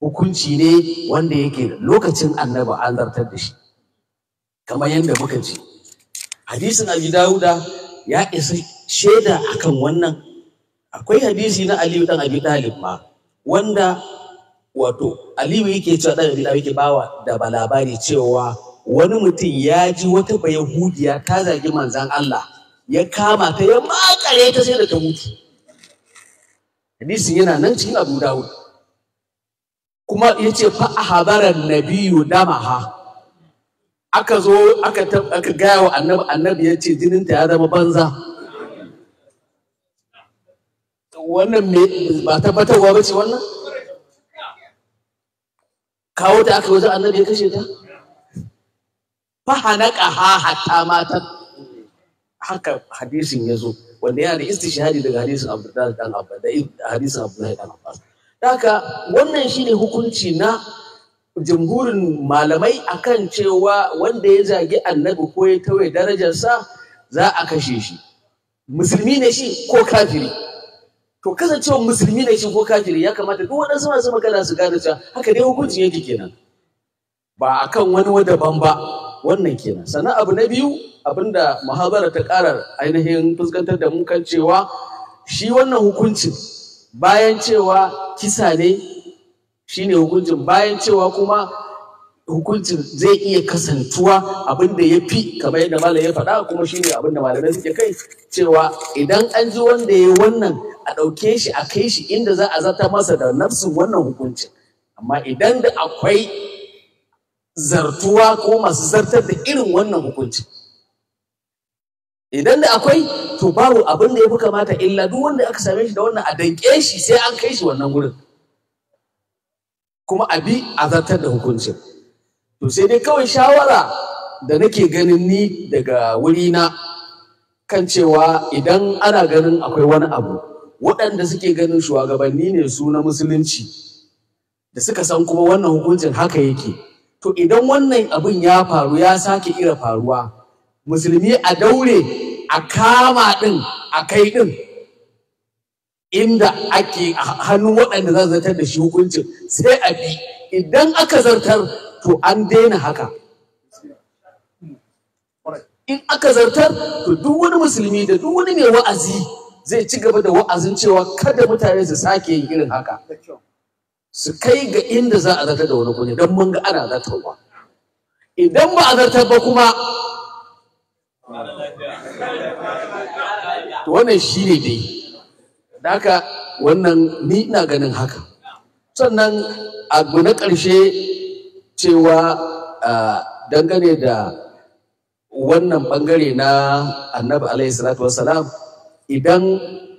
hukunci ne wanda yake lokacin annabi an zartar da shi kamar yadda muka ji hadisin abi dauda ya isa shaida akan wannan akwai hadisi na aliyu dan abi talib ma wanda wato aliyu yake cewa dan abi talib yake bawa da labari cewa wani mutum ya ji wata bayahudiya ta zagi manzan Allah ya kama ta ya makare ta sai da ta mutu hadisin yana nan cikin Abu Dawud kuma ya ce fa a ahbaran dama damaha aka zo aka aka gaya wa annabi annabi ce jinin ta ya zama banza wannan me ba tabbatarwa ba ce wannan kawo ta aka wajen annabi ya kashe ta fahanaka ha hatta mata haka hadisin ya zo wanda yana da istishhadi daga hadisin Abdullahi dan Abbas da hadisin Abdullahi dan Abbas haka wannan shine hukunci na jamhurin malamai akan cewa wanda ya zagi annabi ko ya tawaye darajarsa za a kashe shi musulmi ne shi ko kafiri to kasancewa musulmi ne shi ko kafiri ya kamata duk waɗansu masu magana su gane cewa haka dai hukunci yake kenan ba akan wani wadaban ba wannan kenan sannan abu na biyu abinda muhabara ta ƙara ainihin fuskantar da mu kan cewa shi wannan hukuncin bayan cewa kisa ne shi ne hukuncin bayan cewa kuma hukuncin zai iya kasantuwa abin da ya fi kamar yadda malam ya faɗa kuma shi ne abin da malamai suke kai cewa idan an ji wanda ya yi wannan a ɗauke shi a kai shi inda za a zata masa da nafsin wannan hukuncin amma idan da akwai zartuwa ko masu zartar da irin wannan hukunci idan da akwai to babu abin da ya fi kamata illa duk wanda aka same shi da wannan a danke shi sai an kai shi wannan gurin kuma a bi a zartar da hukuncin to sai dai kawai shawara da nake ganin ni daga wurina kan cewa idan ana ganin akwai wani abu waɗanda suke ganin shugabanni ne su na musulunci da suka san kuma wannan hukuncin haka yake to idan wannan abin ya faru ya sake ira faruwa musulmi a daure a kama ɗin, a kai ɗin, inda ake hannu waɗanda za zartar da shi hukuncin sai a bi idan aka zartar to an daina haka in aka zartar to duk wani musulmi da duk wani mai wa'azi zai ci gaba da wa'azin cewa kada mutane su sake yin irin haka su kai ga inda za a zartar da wani kunya don mun ga ana ba idan ba a zartar ba kuma wannan shi ne dai da haka wannan ni ina ganin haka sannan abu na ƙarshe cewa dangane da wannan bangare na annabi alaihi salatu wasalam idan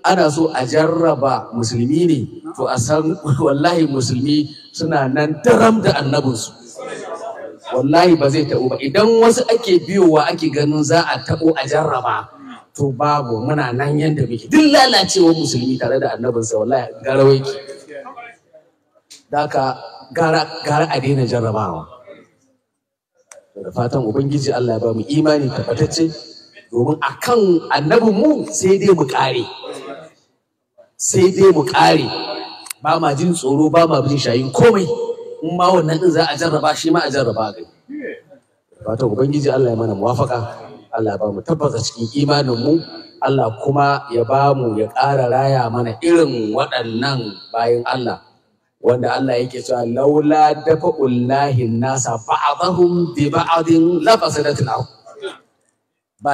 ana so a jarraba musulmi ne to a san *laughs* wallahi musulmi suna nan daram da annabinsu wallahi ba zai taɓo ba idan wasu ake biyowa ake ganin za a taɓo a jarraba to babu muna nan yadda muke duk lalacewa musulmi tare da annabinsa wallahi garawai ki daga gara a daina jarrabawa da fatan ubangiji Allah ya ba mu imani tabbatacce domin akan annabin mu sai dai mu kare sai dai mu ƙare ba ma jin tsoro ba ma jin shayin komai in ma wannan din za a jarraba shi ma a jarraba ga fata ubangiji Allah ya mana muwafaka Allah ba mu tabbata cikin imanin mu Allah kuma ya ba mu ya ƙara raya mana irin waɗannan bayan Allah wanda Allah yake cewa laula dafa ullahi nasa ba'dahum bi ba'din la ba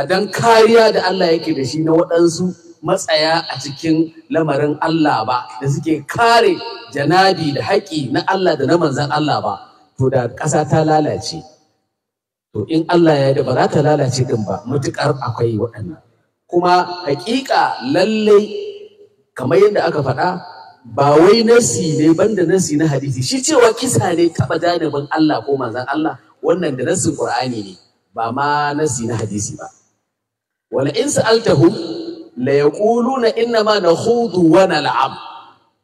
dan kariya da Allah yake da shi na waɗansu matsaya a cikin lamarin Allah ba da suke kare janabi da haƙi na Allah da na manzan Allah ba to da ƙasa ta lalace to in Allah ya yi da ba za ta lalace din ba mutuƙar akwai waɗannan kuma haƙiƙa lallai kamar yadda aka faɗa ba wai nasi ne banda nasi na hadisi shi cewa kisa ne taɓa janibin Allah ko manzan Allah wannan da nasin Ƙur'ani ne ba ma nasi na hadisi ba wala in sa'altahum la yaquluna inna ma nakhudu wa nal'ab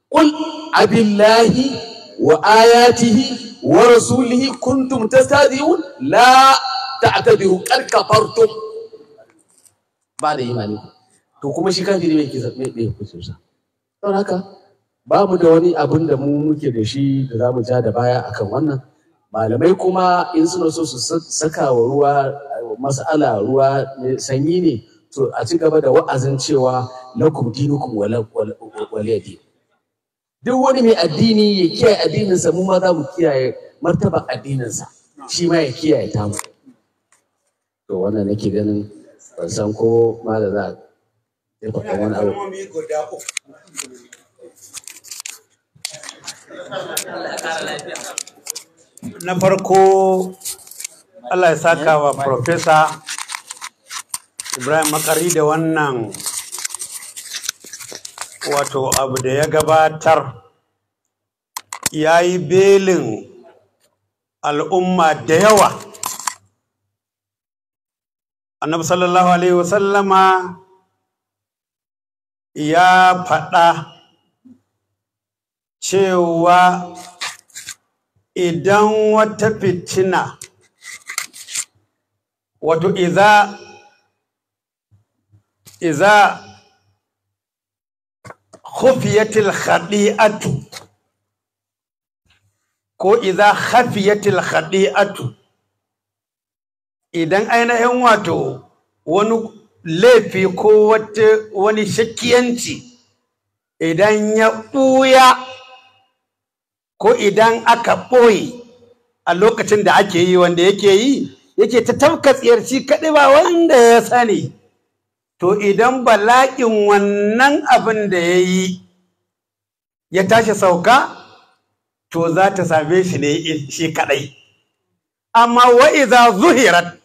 qul abillahi wa ayatihi wa rasulihi kuntum tastahzi'un la ta'tadiru qad kafartum ba da imani to kuma shi kafiri mai kisa da ɗaya kusa sa don haka ba mu da wani abin da mu muke da shi da za mu ja da baya akan wannan malamai kuma in suna so su saka wa ruwa mas'ala ruwa sanyi ne to a ci gaba da wa'azin cewa lakum dinukum waliyadi duk wani mai addini ya kiyaye addininsa mu ma za mu kiyaye martaba addininsa shi ma ya kiyaye ta mu to wannan nake ganin ban san ko ma da za a faɗa wani abu na farko Allah ya saka wa Profesa ibrahim makari da wannan wato abu da ya gabatar ya yi belin al'umma da yawa annabi sallallahu alaihi wasallama ya faɗa cewa idan wata fitina wato iza iza khufiyatil khadi'atu ko iza khafiyatil khadi'atu idan ainihin wato wani laifi ko wata wani shakiyanci idan ya ɓuya ko idan aka ɓoye a lokacin da ake yi wanda yake yi yake ta tafka tsiyarci kaɗai ba wanda ya sani to idan bala'in wannan abin da ya yi ya tashi sauka to za ta same shi ne shi kaɗai amma wa'iza zuhirat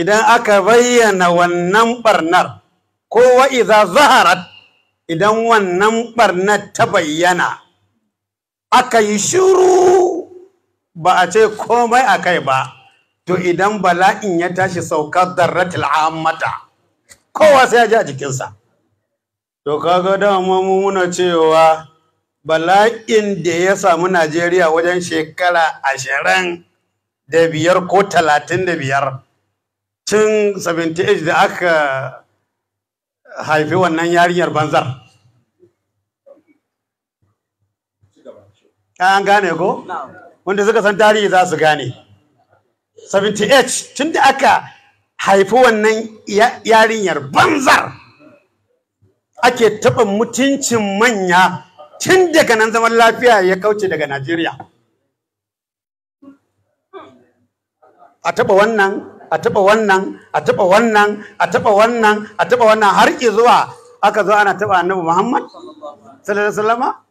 idan aka bayyana wannan ɓarnar ko wa'iza zaharat idan wannan ɓarnar ta bayyana aka yi shiru ba a ce komai a kai ba to idan bala'in ya tashi saukar zarratul ammata kowa sai ya ji a jikinsa to kaga dama mu muna cewa bala'in da ya samu Najeriya wajen shekara ashirin da biyar ko talatin da biyar cin 78 da aka haifi wannan yarinyar banzar an gane ko wanda suka san tarihi za su gane 78 tun da aka haifi wannan yarinyar banzar ake taɓa mutuncin manya tun daga nan zaman lafiya ya kauce daga Najeriya. A taɓa wannan, a taɓa wannan, a taɓa wannan, a taɓa wannan, a taɓa wannan har ke zuwa aka zo ana taɓa annabi Muhammad sallallahu alaihi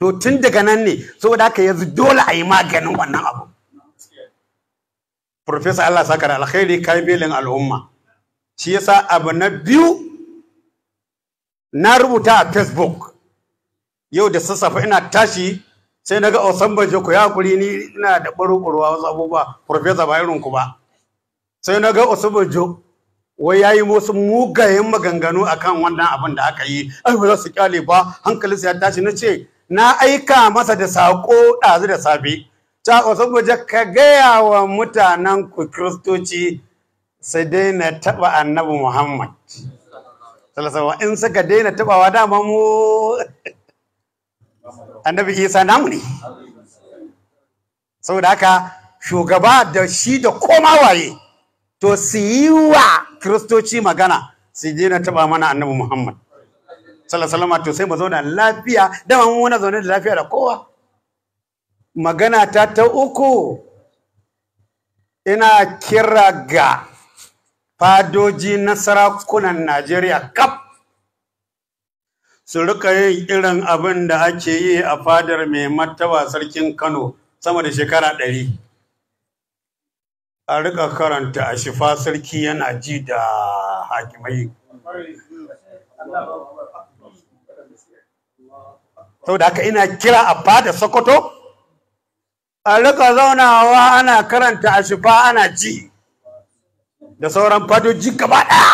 to tun daga nan ne saboda haka yanzu dole a yi maganin wannan abu Profesa Allah saka da alkhairi kai belin al'umma. Shi yasa abu na biyu na rubuta a Facebook yau da sassafe ina tashi sai naga ga Joko ya kuri ni ina da barukurwa wasu abubuwa Profesa ba irin ku ba. Sai naga ga wai yayi yi wasu mugayen maganganu akan wannan abin da aka yi ai ba za su kyale ba hankalinsa ya tashi na ce na aika masa da saƙo ɗazu da safe ta saboda ka gaya wa mutanen ku kristoci sai na taba annabi muhammad salasawa in suka daina wa dama mu *laughs* annabi isa namu ne saboda haka shugaba da shi da koma waye to su yi wa kristoci magana su na taba mana annabi muhammad salasalama to sai mu zauna lafiya dama mu muna zaune da lafiya da kowa magana ta ta uku ina kira ga fadoji na sarakunan Najeriya kaf su rika yin irin abin da ake yi a fadar mai martaba sarkin Kano sama da shekara ɗari. A rika karanta a shifa sarki yana ji da hakimai. Sau da haka ina kira a fada Sokoto? a rika zaunawa ana karanta a shifa ana ci da sauran fadoji gaba ɗaya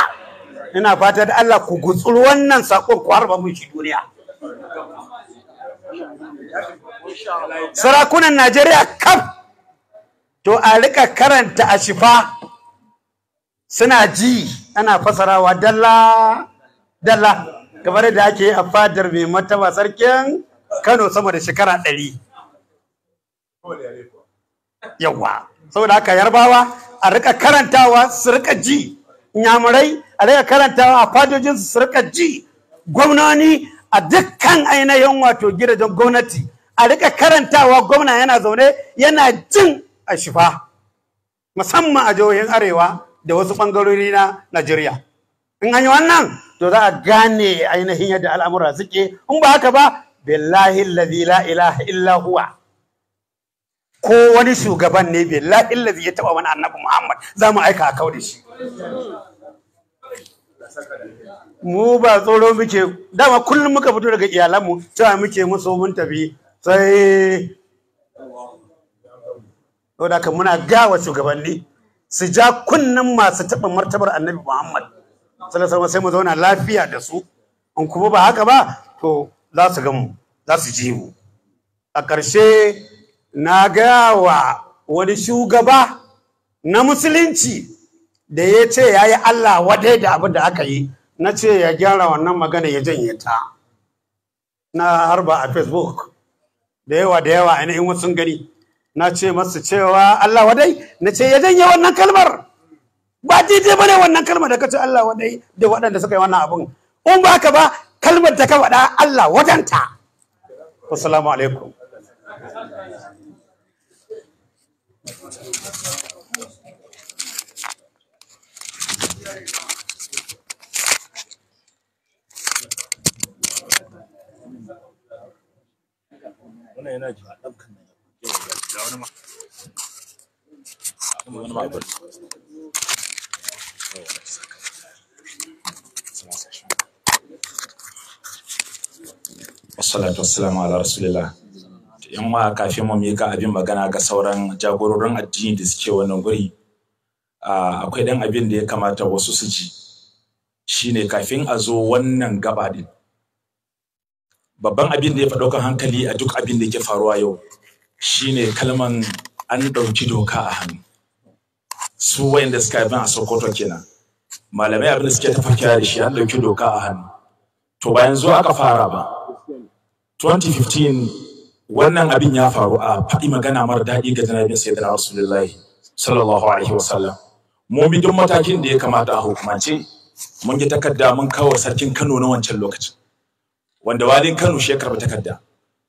ina fata da Allah ku gutsur wannan sakon ku harba mun shi duniya sarakunan Najeriya kaf to a rika karanta a shifa suna ji ana fasarawa dalla dalla kamar da ake a fadar mai mataba sarkin Kano sama da shekara ɗari. sau saboda haka yarbawa a rika karantawa su rika ji nyamurai a rika karantawa a fadojin su rika ji gwamnoni a dukkan ainihin wato gidajen gwamnati a rika karantawa gwamna yana zaune yana jin a shifa musamman a jihohin arewa da wasu bangarori na najeriya in an wannan to za a gane ainihin yadda al'amura suke in ba haka ba billahi la ilaha illa ko wani shugaban ne bai la'illa ya taba mana annabi Muhammad za mu aika a kau da shi. Mu ba tsoro muke dama kullum muka fito daga iyalanmu cewa muke musu mun tafi sai saboda ka muna gawa shugabanni su ja kunnen masu taba martabar annabi Muhammad sallallahu sai mu zauna lafiya da su in kuma ba haka ba to za su ga za su ji mu a ƙarshe na gaya wa wani shugaba na musulunci da ya ce ya yi Allah wadai da abu da aka yi na ce ya gyara wannan magana ya janye ta na harba a facebook da yawa da yawa yanayin wasu gani na ce masu cewa Allah wadai na ce ya janye wannan kalmar ba daidai bane wannan kalmar da ce Allah wadai da waɗanda suka yi wannan abun in ba ka ba kalmar da ka faɗa Allah wadanta alaikum والصلاة والسلام على رسول الله in ma kafin mu mika abin magana ga sauran jagororin addini da suke wannan guri akwai dan abin da ya kamata wasu su ji shine kafin a zo wannan gaba din babban abin da ya kan hankali a duk abin da ke faruwa yau shine kalman an ɗauki doka a hannu su wayanda suka yi a sokoto kenan malamai abin da suke kira da shi an ɗauki doka a hannu to bayan zuwa aka fara ba 2015 wannan abin ya faru a faɗi magana mara daɗi ga janabin sayyidina rasulullahi sallallahu alaihi wasallam mu bi matakin da ya kamata a hukumance mun yi takarda mun kawo sarkin Kano na wancan lokacin wanda walin Kano shi ya karɓi takarda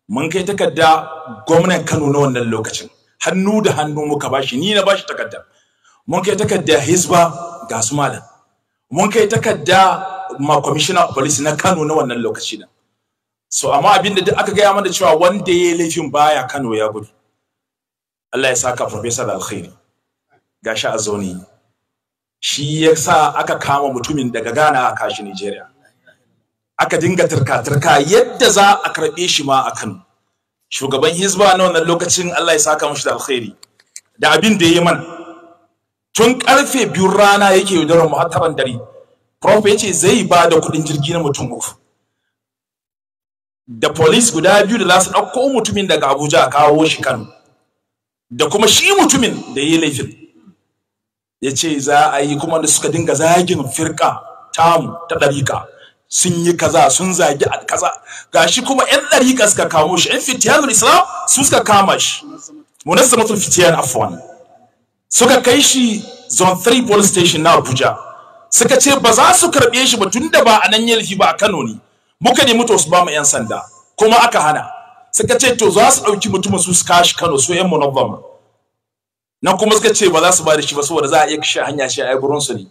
mun kai takarda gwamnan Kano na wannan lokacin hannu da hannu muka bashi ni na bashi takarda mun kai takarda Hisba ga su malam mun kai takarda ma kwamishina police na Kano na wannan lokacin. nan so amma abin da aka gaya mana cewa wanda ya laifin baya Kano ya gudu Allah ya saka professor da alkhairi gashi a zaune shi yasa aka kama mutumin daga Ghana a kashi Nigeria aka dinga turka-turka yadda za a karɓe shi ma a Kano shugaban hizba na wannan lokacin Allah ya saka mashi da alkhairi da abin da ya yi mana tun karfe biyu rana yake yaudarar mu har dare prof ya ce zai ba da kuɗin jirgi na mutum uku da police guda biyu da za su ɗauko mutumin daga Abuja a kawo shi Kano da kuma shi mutumin da yi laifin ya ce za a yi kuma da suka dinga zagin firka tamu ta ɗarika sun yi kaza sun zagi a kaza Ga shi kuma yan ɗarika suka kamo shi yan fitiyar islam su suka kama shi munassamatul fitiyar afwan suka kai shi zone 3 police station na Abuja suka ce ba za su karɓe shi ba tun da ba a nan laifi ba a Kano ne muka nemi to su ba yan sanda kuma aka hana suka ce to za su ɗauki mutumin su su kashi Kano su yan munazzama Na kuma suka ce ba za su ba shi ba saboda za a iya kashe hanya shi a gurin su ne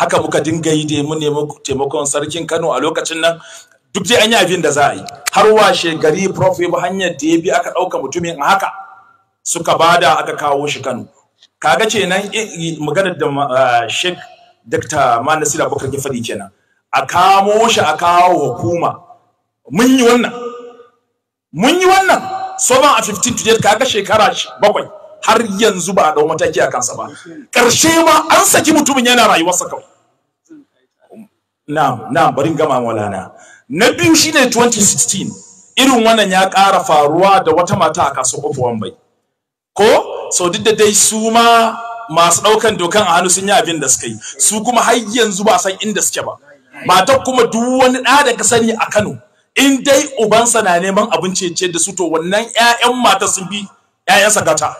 haka muka dinga yi dai mu nemi taimakon sarkin Kano a lokacin nan duk dai an yi abin da za a yi har washe gari prof ya hanyar da ya bi aka ɗauka mutumin a haka suka bada aka kawo shi Kano kaga ce nan eh, maganar da ah, Sheikh Dr. Manasir Abubakar Gifari kenan a kamo shi a kawo hukuma mun yi wannan mun yi wannan ban a 15 to kaga shekara bakwai har yanzu ba a dau mataki a kansa ba karshe ma an saki mutumin yana rayuwarsa kawai na na'am barin gama maulana na biyu shine 2016 irin wannan ya ƙara faruwa da wata mata a kasuwar kofuwan bai ko so duk da dai su ma masu ɗaukan dokan a hannu sun yi abin da suka yi su kuma har yanzu ba san inda suke ba matar kuma duk wani ɗa da ka sani a Kano in dai ubansa na neman abin ce da su to wannan ƴaƴan mata sun bi ƴaƴansa gata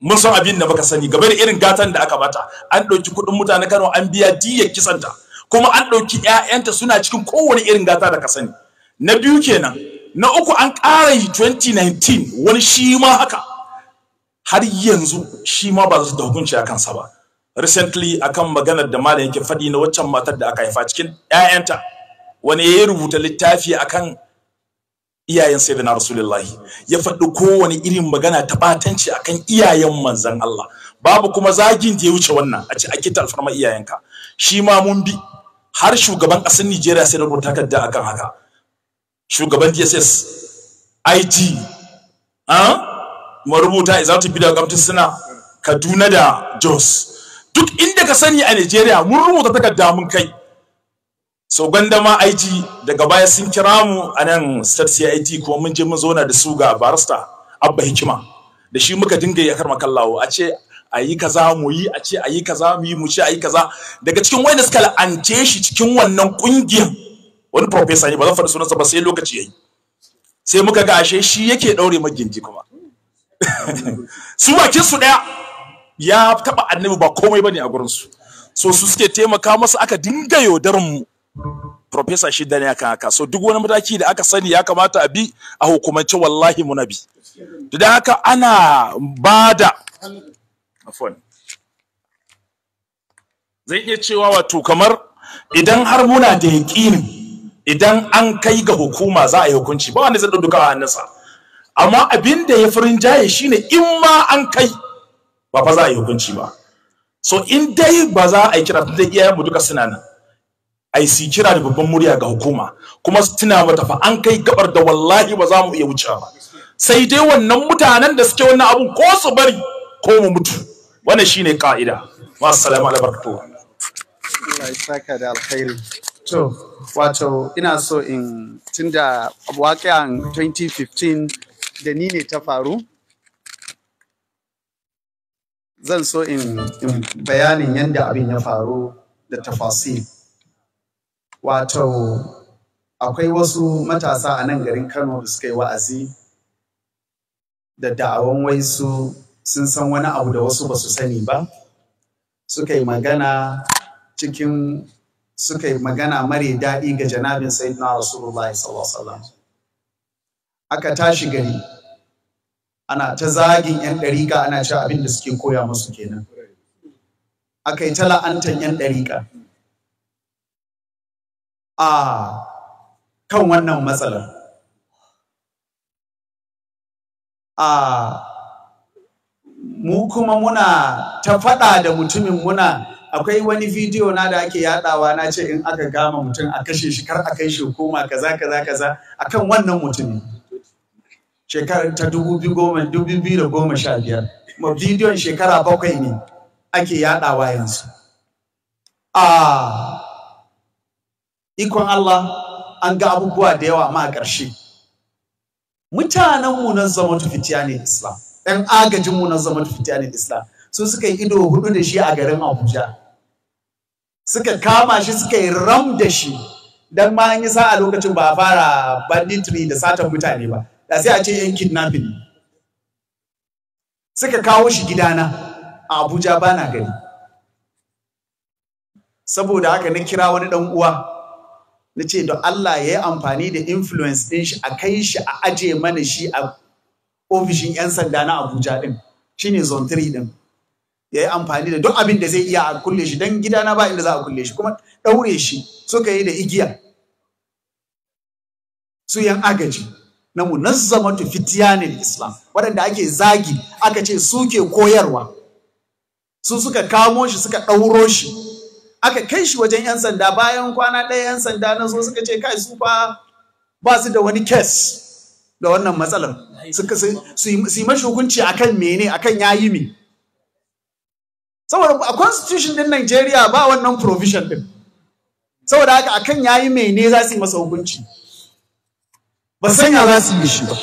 mun san abin da baka sani gaba da irin gatan da aka bata an ɗauki kuɗin mutanen Kano an biya diyar kisanta kuma an ɗauki ƴaƴanta suna cikin kowane irin gata da ka sani na biyu kenan na uku an ƙara yi 2019 wani shi ma haka har yanzu shi ma ba su da hukunci a kansa ba recently akan maganar da malam yake faɗi na waccan matar da aka haifa cikin ƴaƴanta wani ya rubuta littafi akan iyayen sayyidina rasulullahi ya faɗi kowane irin magana ta batanci akan iyayen manzon Allah babu kuma zagin da ya wuce wannan a ci ake alfarma iyayenka shi ma mun bi har shugaban ƙasar Nijeriya sai rubuta takarda akan haka shugaban DSS IT ah rubuta izatu bidiyo gwamnati suna Kaduna da Jos duk inda ka sani a Najeriya mun rubuta takarda mun kai so ma IG daga baya sun kira mu a nan CIT kuma mun je mun zauna da su ga barista Abba Hikima da shi muka dinga ya karma kallawo a ce a kaza mu yi a ce a kaza mu yi mu ce a kaza daga cikin wani suka la'ance shi cikin wannan kungiyar wani professor ne ba zan faɗi sunansa ba sai lokaci yayi sai muka ga ashe shi yake daure magindi kuma *laughs* su bakin su daya ya taba annabi ba komai bane a gurin su so su suke taimaka masa aka dinga yaudarin mu professor shi ne aka haka so duk wani mataki da aka sani ya kamata a bi a hukumance wallahi muna bi da haka ana bada afwan zai iya cewa wato kamar idan har muna da yaƙinin idan an kai ga hukuma za a yi hukunci ba wanda zai duka a hannunsa amma abin da ya furin jaye shine in ma an kai ba fa za a yi hukunci ba so in dai ba za a yi kira dai iyayenmu duka suna nan ai si kira da babban murya ga hukuma kuma su tuna mata fa an kai gabar da wallahi ba za mu iya wuce ba sai dai wannan mutanen da suke wannan abun ko su bari ko mu mutu wannan shine ka'ida wa assalamu alaikum barakatuh da alkhairi to wato ina so in tunda waƙiyan 2015 da ni ne ta faru zan so in bayanin yadda abin ya faru da tafasir wato akwai wasu matasa a nan garin kano da suka yi wa'azi da da'awan waisu sun san wani abu da wasu ba su sani ba suka yi magana cikin suka yi magana mare daɗi ga janabin sayyidina rasulullah sallallahu aka tashi gari ana ta zagin 'yan dariƙa, ana sha abin da suke koya musu kenan A kai ta la'antar 'yan dariƙa. a kan wannan matsalar a mu kuma muna ta faɗa da mutumin muna akwai wani bidiyo na da ake yadawa na ce in aka gama mutum a kashe shi kar a kai shi hukuma kaza kaza kaza akan wannan mutumin shekarar ta dubu biyu da goma sha biyar. ma bidiyon shekara bakwai ne ake yadawa yanzu a ah, ikon Allah an ga abubuwa da yawa ma a ƙarshe mutanenmu na zama fitiya ne islam ɗan agajinmu na zama fitiya ne islam su suka yi ido hudu da shi a garin abuja suka kama shi suka yi ram da shi don ma an yi sa'a lokacin ba a fara banditri da satan mutane ba da sai a ce yan kidnapping suka kawo shi gidana a Abuja bana gari saboda haka na kira wani dan uwa na ce don Allah ya yi amfani da influence din shi a kai shi a aje mana shi a ofishin 'yan sanda na Abuja din shine zone 3 din ya yi amfani da duk abin da zai iya a kulle shi don gidana ba inda za a kulle shi kuma ɗaure shi suka yi da igiya su yan agaji na munazzamatu fitiyanin islam waɗanda ake zagi aka ce suke koyarwa su suka kamo shi suka ɗauro shi aka kai shi wajen 'yan sanda bayan kwana ɗaya 'yan sanda na zo suka ce kai su fa ba su da wani kes da wannan matsalar su yi mashi hukunci akan mene akan yayi me saboda a constitution din Najeriya ba wannan provision din saboda haka akan yayi mene za su yi masa hukunci ba san ya za su yi shi ba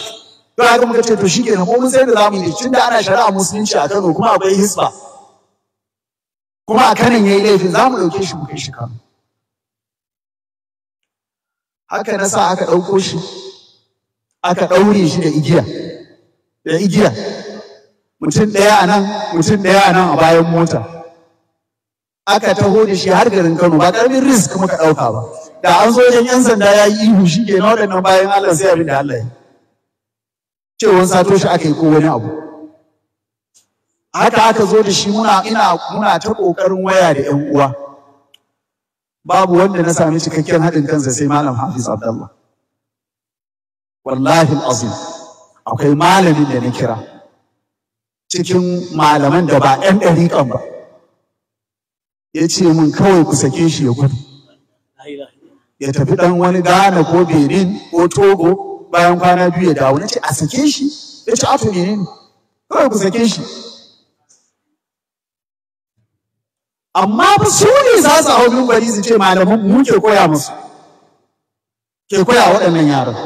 to haka muka ce to shi ko mun sai da zamu yi tunda ana shari'a musulunci a Kano kuma akwai hisba kuma a kanan yayi laifin zamu dauke shi mu kai shi Kano haka na sa aka ɗauko shi aka ɗaure shi da igiya da igiya mutum ɗaya a nan mutum daya a nan a bayan mota aka taho da shi har garin Kano ba ƙaramin risk muka ɗauka ba da an zo wajen yan sanda ya yi ihu shi ke na waɗannan bayan Allah sai abin da Allah ya cewa sato shi aka yi ko wani abu haka aka zo da shi muna ina muna ta kokarin waya da yan uwa babu wanda na sami cikakken haɗin kansa sai malam Hafiz Abdullah wallahi azim akwai malamin da na kira cikin malaman da ba 'yan ɗariƙan ba ya ce min kawai ku sake shi ya gudu ya tafi dan wani Ghana ko Benin ko Togo bayan kwana biyu ya dawo nace a sake shi yace a to menene kawai ku sake shi amma ba su ne za su hau bari su ce malaman mu ke koya musu ke koya waɗannan yaran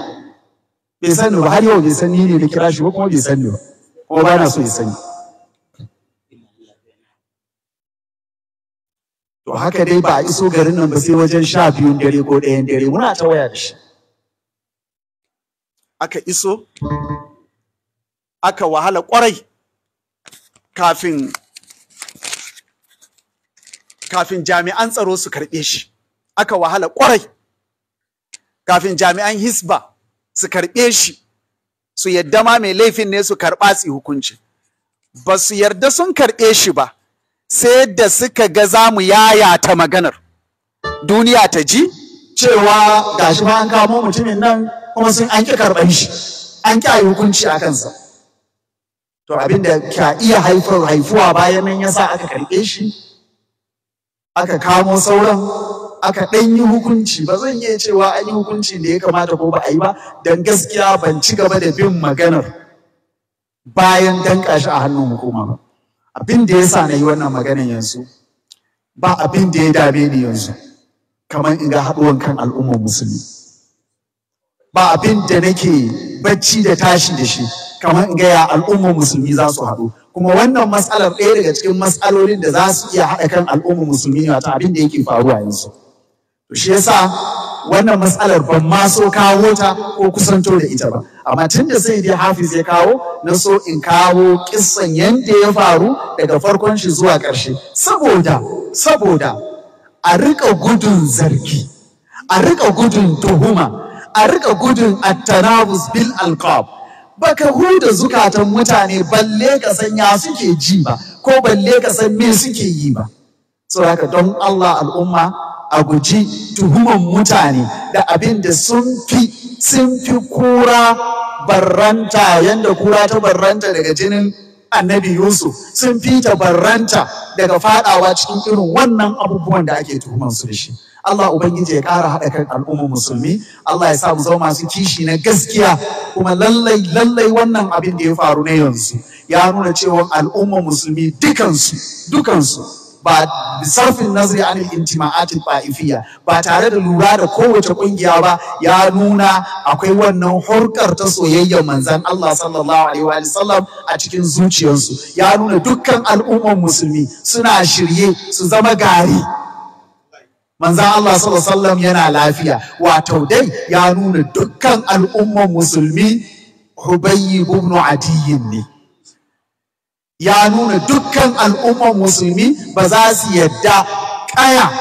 bai sani ba har yau bai sani ne da kira shi ba kuma bai sani ba kuma ba na so ya sani to haka dai ba a iso garin nan ba sai wajen sha biyun dare ko ɗayan dare muna ta waya da shi aka iso aka wahala ƙwarai kafin kafin jami'an tsaro su karɓe shi aka wahala ƙwarai kafin jami'an hisba su karɓe shi su yadda ma mai laifin ne su karɓa su hukunci ba su yarda sun karɓe shi ba sai da suka ga za mu yayata maganar duniya ta ji cewa gashi ba an kamo mutumin nan kuma sun an ƙi karɓar shi an ƙi a yi hukunci a kansa to abin da ka iya haifar haifuwa bayan nan yasa aka karɓe shi aka kamo sauran aka ɗan yi hukunci ba zan iya cewa an yi hukunci da ya kamata ko ba a yi ba don gaskiya ban ci gaba da bin maganar bayan danka shi a hannun hukuma ba abin da ya sa na yi wannan magana yanzu ba abin da ya dame ni yanzu kamar in ga haɗuwan kan al'ummar musulmi ba abin da nake bacci da tashi da shi kamar in ga ya al'ummar musulmi za su haɗu kuma wannan matsalar ɗaya daga cikin matsalolin da za su iya haɗa kan al'ummar musulmi wata abin da yake faruwa yanzu to shi yasa wannan matsalar ban ma so kawo ta ko kusanto da ita ba amma tun da sai dai hafiz ya kawo na so in kawo kissan yadda ya faru daga farkon shi zuwa ƙarshe saboda saboda a rika gudun zargi a riƙa gudun tuhuma a riƙa gudun attanabus bil alqab baka huda zukatan mutane balle ka san ya suke ji ba ko balle ka san me suke yi ba haka don Allah al'umma a guji tuhuman mutane da abin da sun fi sun fi kura barranta yadda kura ta barranta daga jinin annabi Yusuf sun fi ta barranta daga fadawa cikin irin wannan abubuwan da ake tuhuman su da shi Allah Ubangiji ya ƙara haɗa kan al'ummar musulmi Allah ya sa mu zama masu kishi na gaskiya kuma lallai lallai wannan abin da ya faru na yanzu ya nuna cewa al'ummar musulmi dukansu dukansu ba sarfin nazari an intima'atin ba'ifiyya ba tare da lura da kowace kungiya ba ya nuna akwai wannan hurkar ta soyayyar manzan Allah sallallahu alaihi wa sallam a cikin zuciyarsu ya nuna dukkan al'ummar musulmi suna shirye su zama gari manzan Allah sallallahu alaihi wa sallam yana lafiya wato dai ya nuna dukkan al'ummar musulmi Hubayyi ibn Adiyyin ne ya nuna dukkan al'ummar musulmi ba za su yadda kaya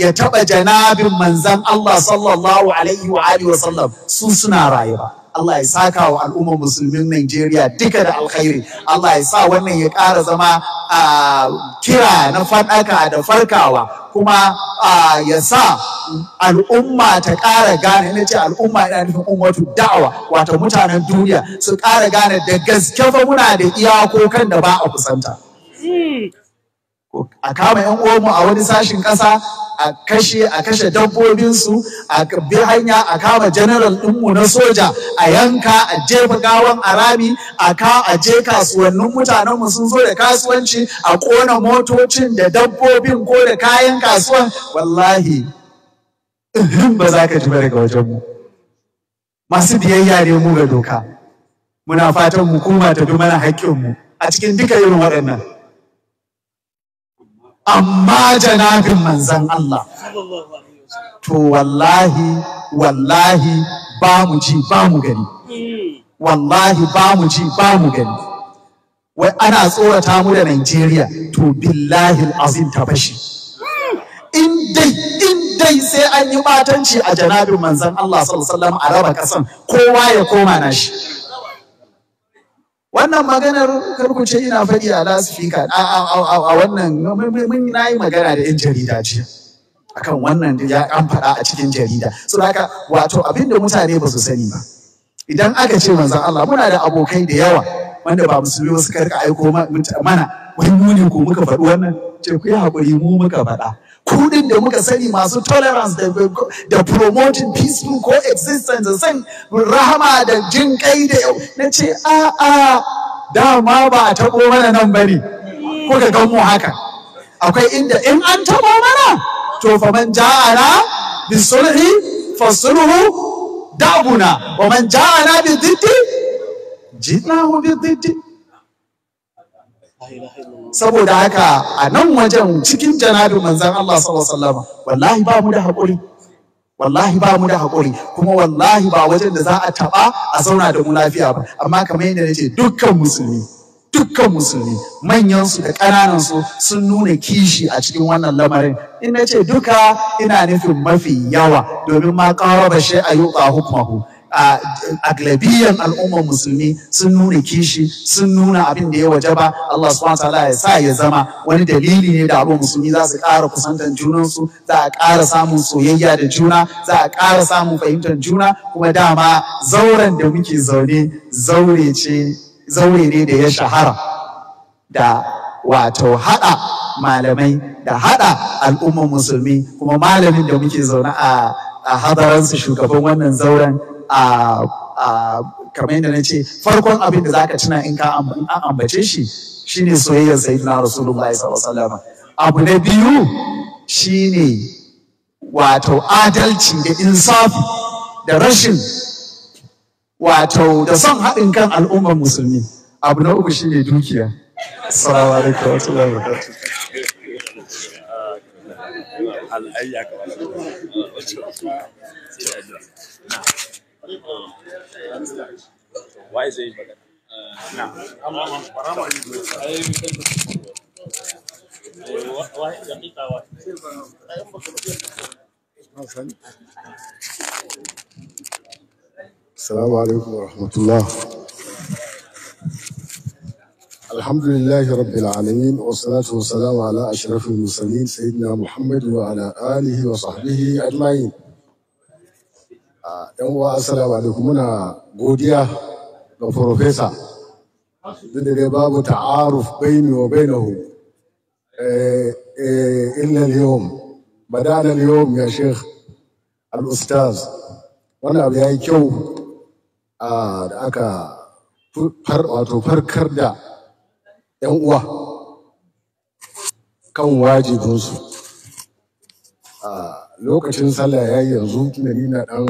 ya taɓa janabin manzan Allah sallallahu alaihi wa sallam su suna rayuwa Allah ya saka wa al'ummar musulmin Najeriya duka da alkhairi Allah ya sa wannan ya ƙara zama kira na faɗaka da farkawa kuma ya sa al'umma ta ƙara gane na ce al'umma ina nufin ummatu da'awa wato mutanen duniya su ƙara gane da gaske fa muna da iyakokan da ba a kusanta. Hmm. a kama yan uwanmu a wani sashin ƙasa a kashe a kashe dabbobinsu a bi hanya a kama general ɗinmu na soja a yanka a jefa gawan arami a ka a je kasuwannin mutanenmu sun zo da kasuwanci a ƙona motocin da dabbobin ko da kayan kasuwan wallahi ba za ka ji daga wajenmu masu biyayya ne mu ga doka muna fatan hukuma ta bi mana haƙƙinmu a cikin duka irin waɗannan amma janabin manzan Allah to wallahi wallahi ba mu ji ba mu gani hmm. wallahi ba mu ji ba mu gani wai ana tsorata mu da Najeriya to billahi azim ta bashi in dai in dai sai an yi matanci a janabin manzan Allah sallallahu alaihi wasallam a raba ƙasan kowa ya koma nashi wannan maganar karkuce ina faɗi a lasifika a wannan mun na yi magana da 'yan jarida ce akan wannan ya an faɗa a cikin jarida so haka wato abinda mutane ba su sani ba idan aka ce manzon Allah muna da abokai da yawa wanda ba musulmi wasu karka aiko mana wani ko muka faɗi wannan ce ku yi haƙuri mu muka faɗa kudin da muka sani masu tolerance da promoting peaceful coexistence existence san rahama da jin kai da yau na ce a da dama ba a taɓo mana nan bari kuka gan mu haka akwai inda in an taɓo mana to fa man sulhi fa sulhu dabuna wa man ja'ana bididdi jinahu bididdi la ilaha saboda haka a nan wajen cikin janabin manzan Allah sallallahu wallahi ba mu da haƙuri wallahi ba mu da haƙuri kuma wallahi ba wajen da za a taɓa a zauna da mu lafiya ba amma kamar yadda nace dukkan musulmi dukkan musulmi manyan su da ƙananan su sun nuna kishi a cikin wannan lamarin in nace duka ina nufin mafi yawa domin ma qaraba shay'a yuqa hukmahu a glabiyan al'ummar musulmi sun nuna kishi sun nuna abin da ya waje ba Allah subhanahu wataala ya sa ya zama wani dalili ne da abu musulmi za su ƙara kusantar junansu za a ƙara samun soyayya da juna za a ƙara samun fahimtar juna kuma dama zauren da muke zaune zaure ce zaure ne da ya shahara da wato haɗa malamai da haɗa al'ummar musulmi kuma malamin da muke zaune a a hadaransu shugaban wannan zauren a kamar yadda na ce farkon abin da zaka tuna in ka ambace shi shine soyayyar sayyidina rasulullahi sallallahu alaihi wasallam abu na biyu shine wato adalci da insafi da rashin wato da son haɗin kan al'ummar musulmi abu na uku shine dukiya assalamu وعايز ايه نعم السلام عليكم ورحمة الله الحمد لله رب العالمين والصلاة والسلام على أشرف المرسلين سيدنا محمد وعلى آله وصحبه أجمعين ɗan uwa assalamu alaikum muna godiya ga profesa duk da dai babu ta'aruf baini wa bainahu eh, eh, illa al-yawm badana al-yawm ya sheikh al-ustaz wannan abu yayi kyau ah, da aka wato farkar da 'yan uwa kan wajibinsu a ah, lokacin sallah yayi yanzu tunani na dan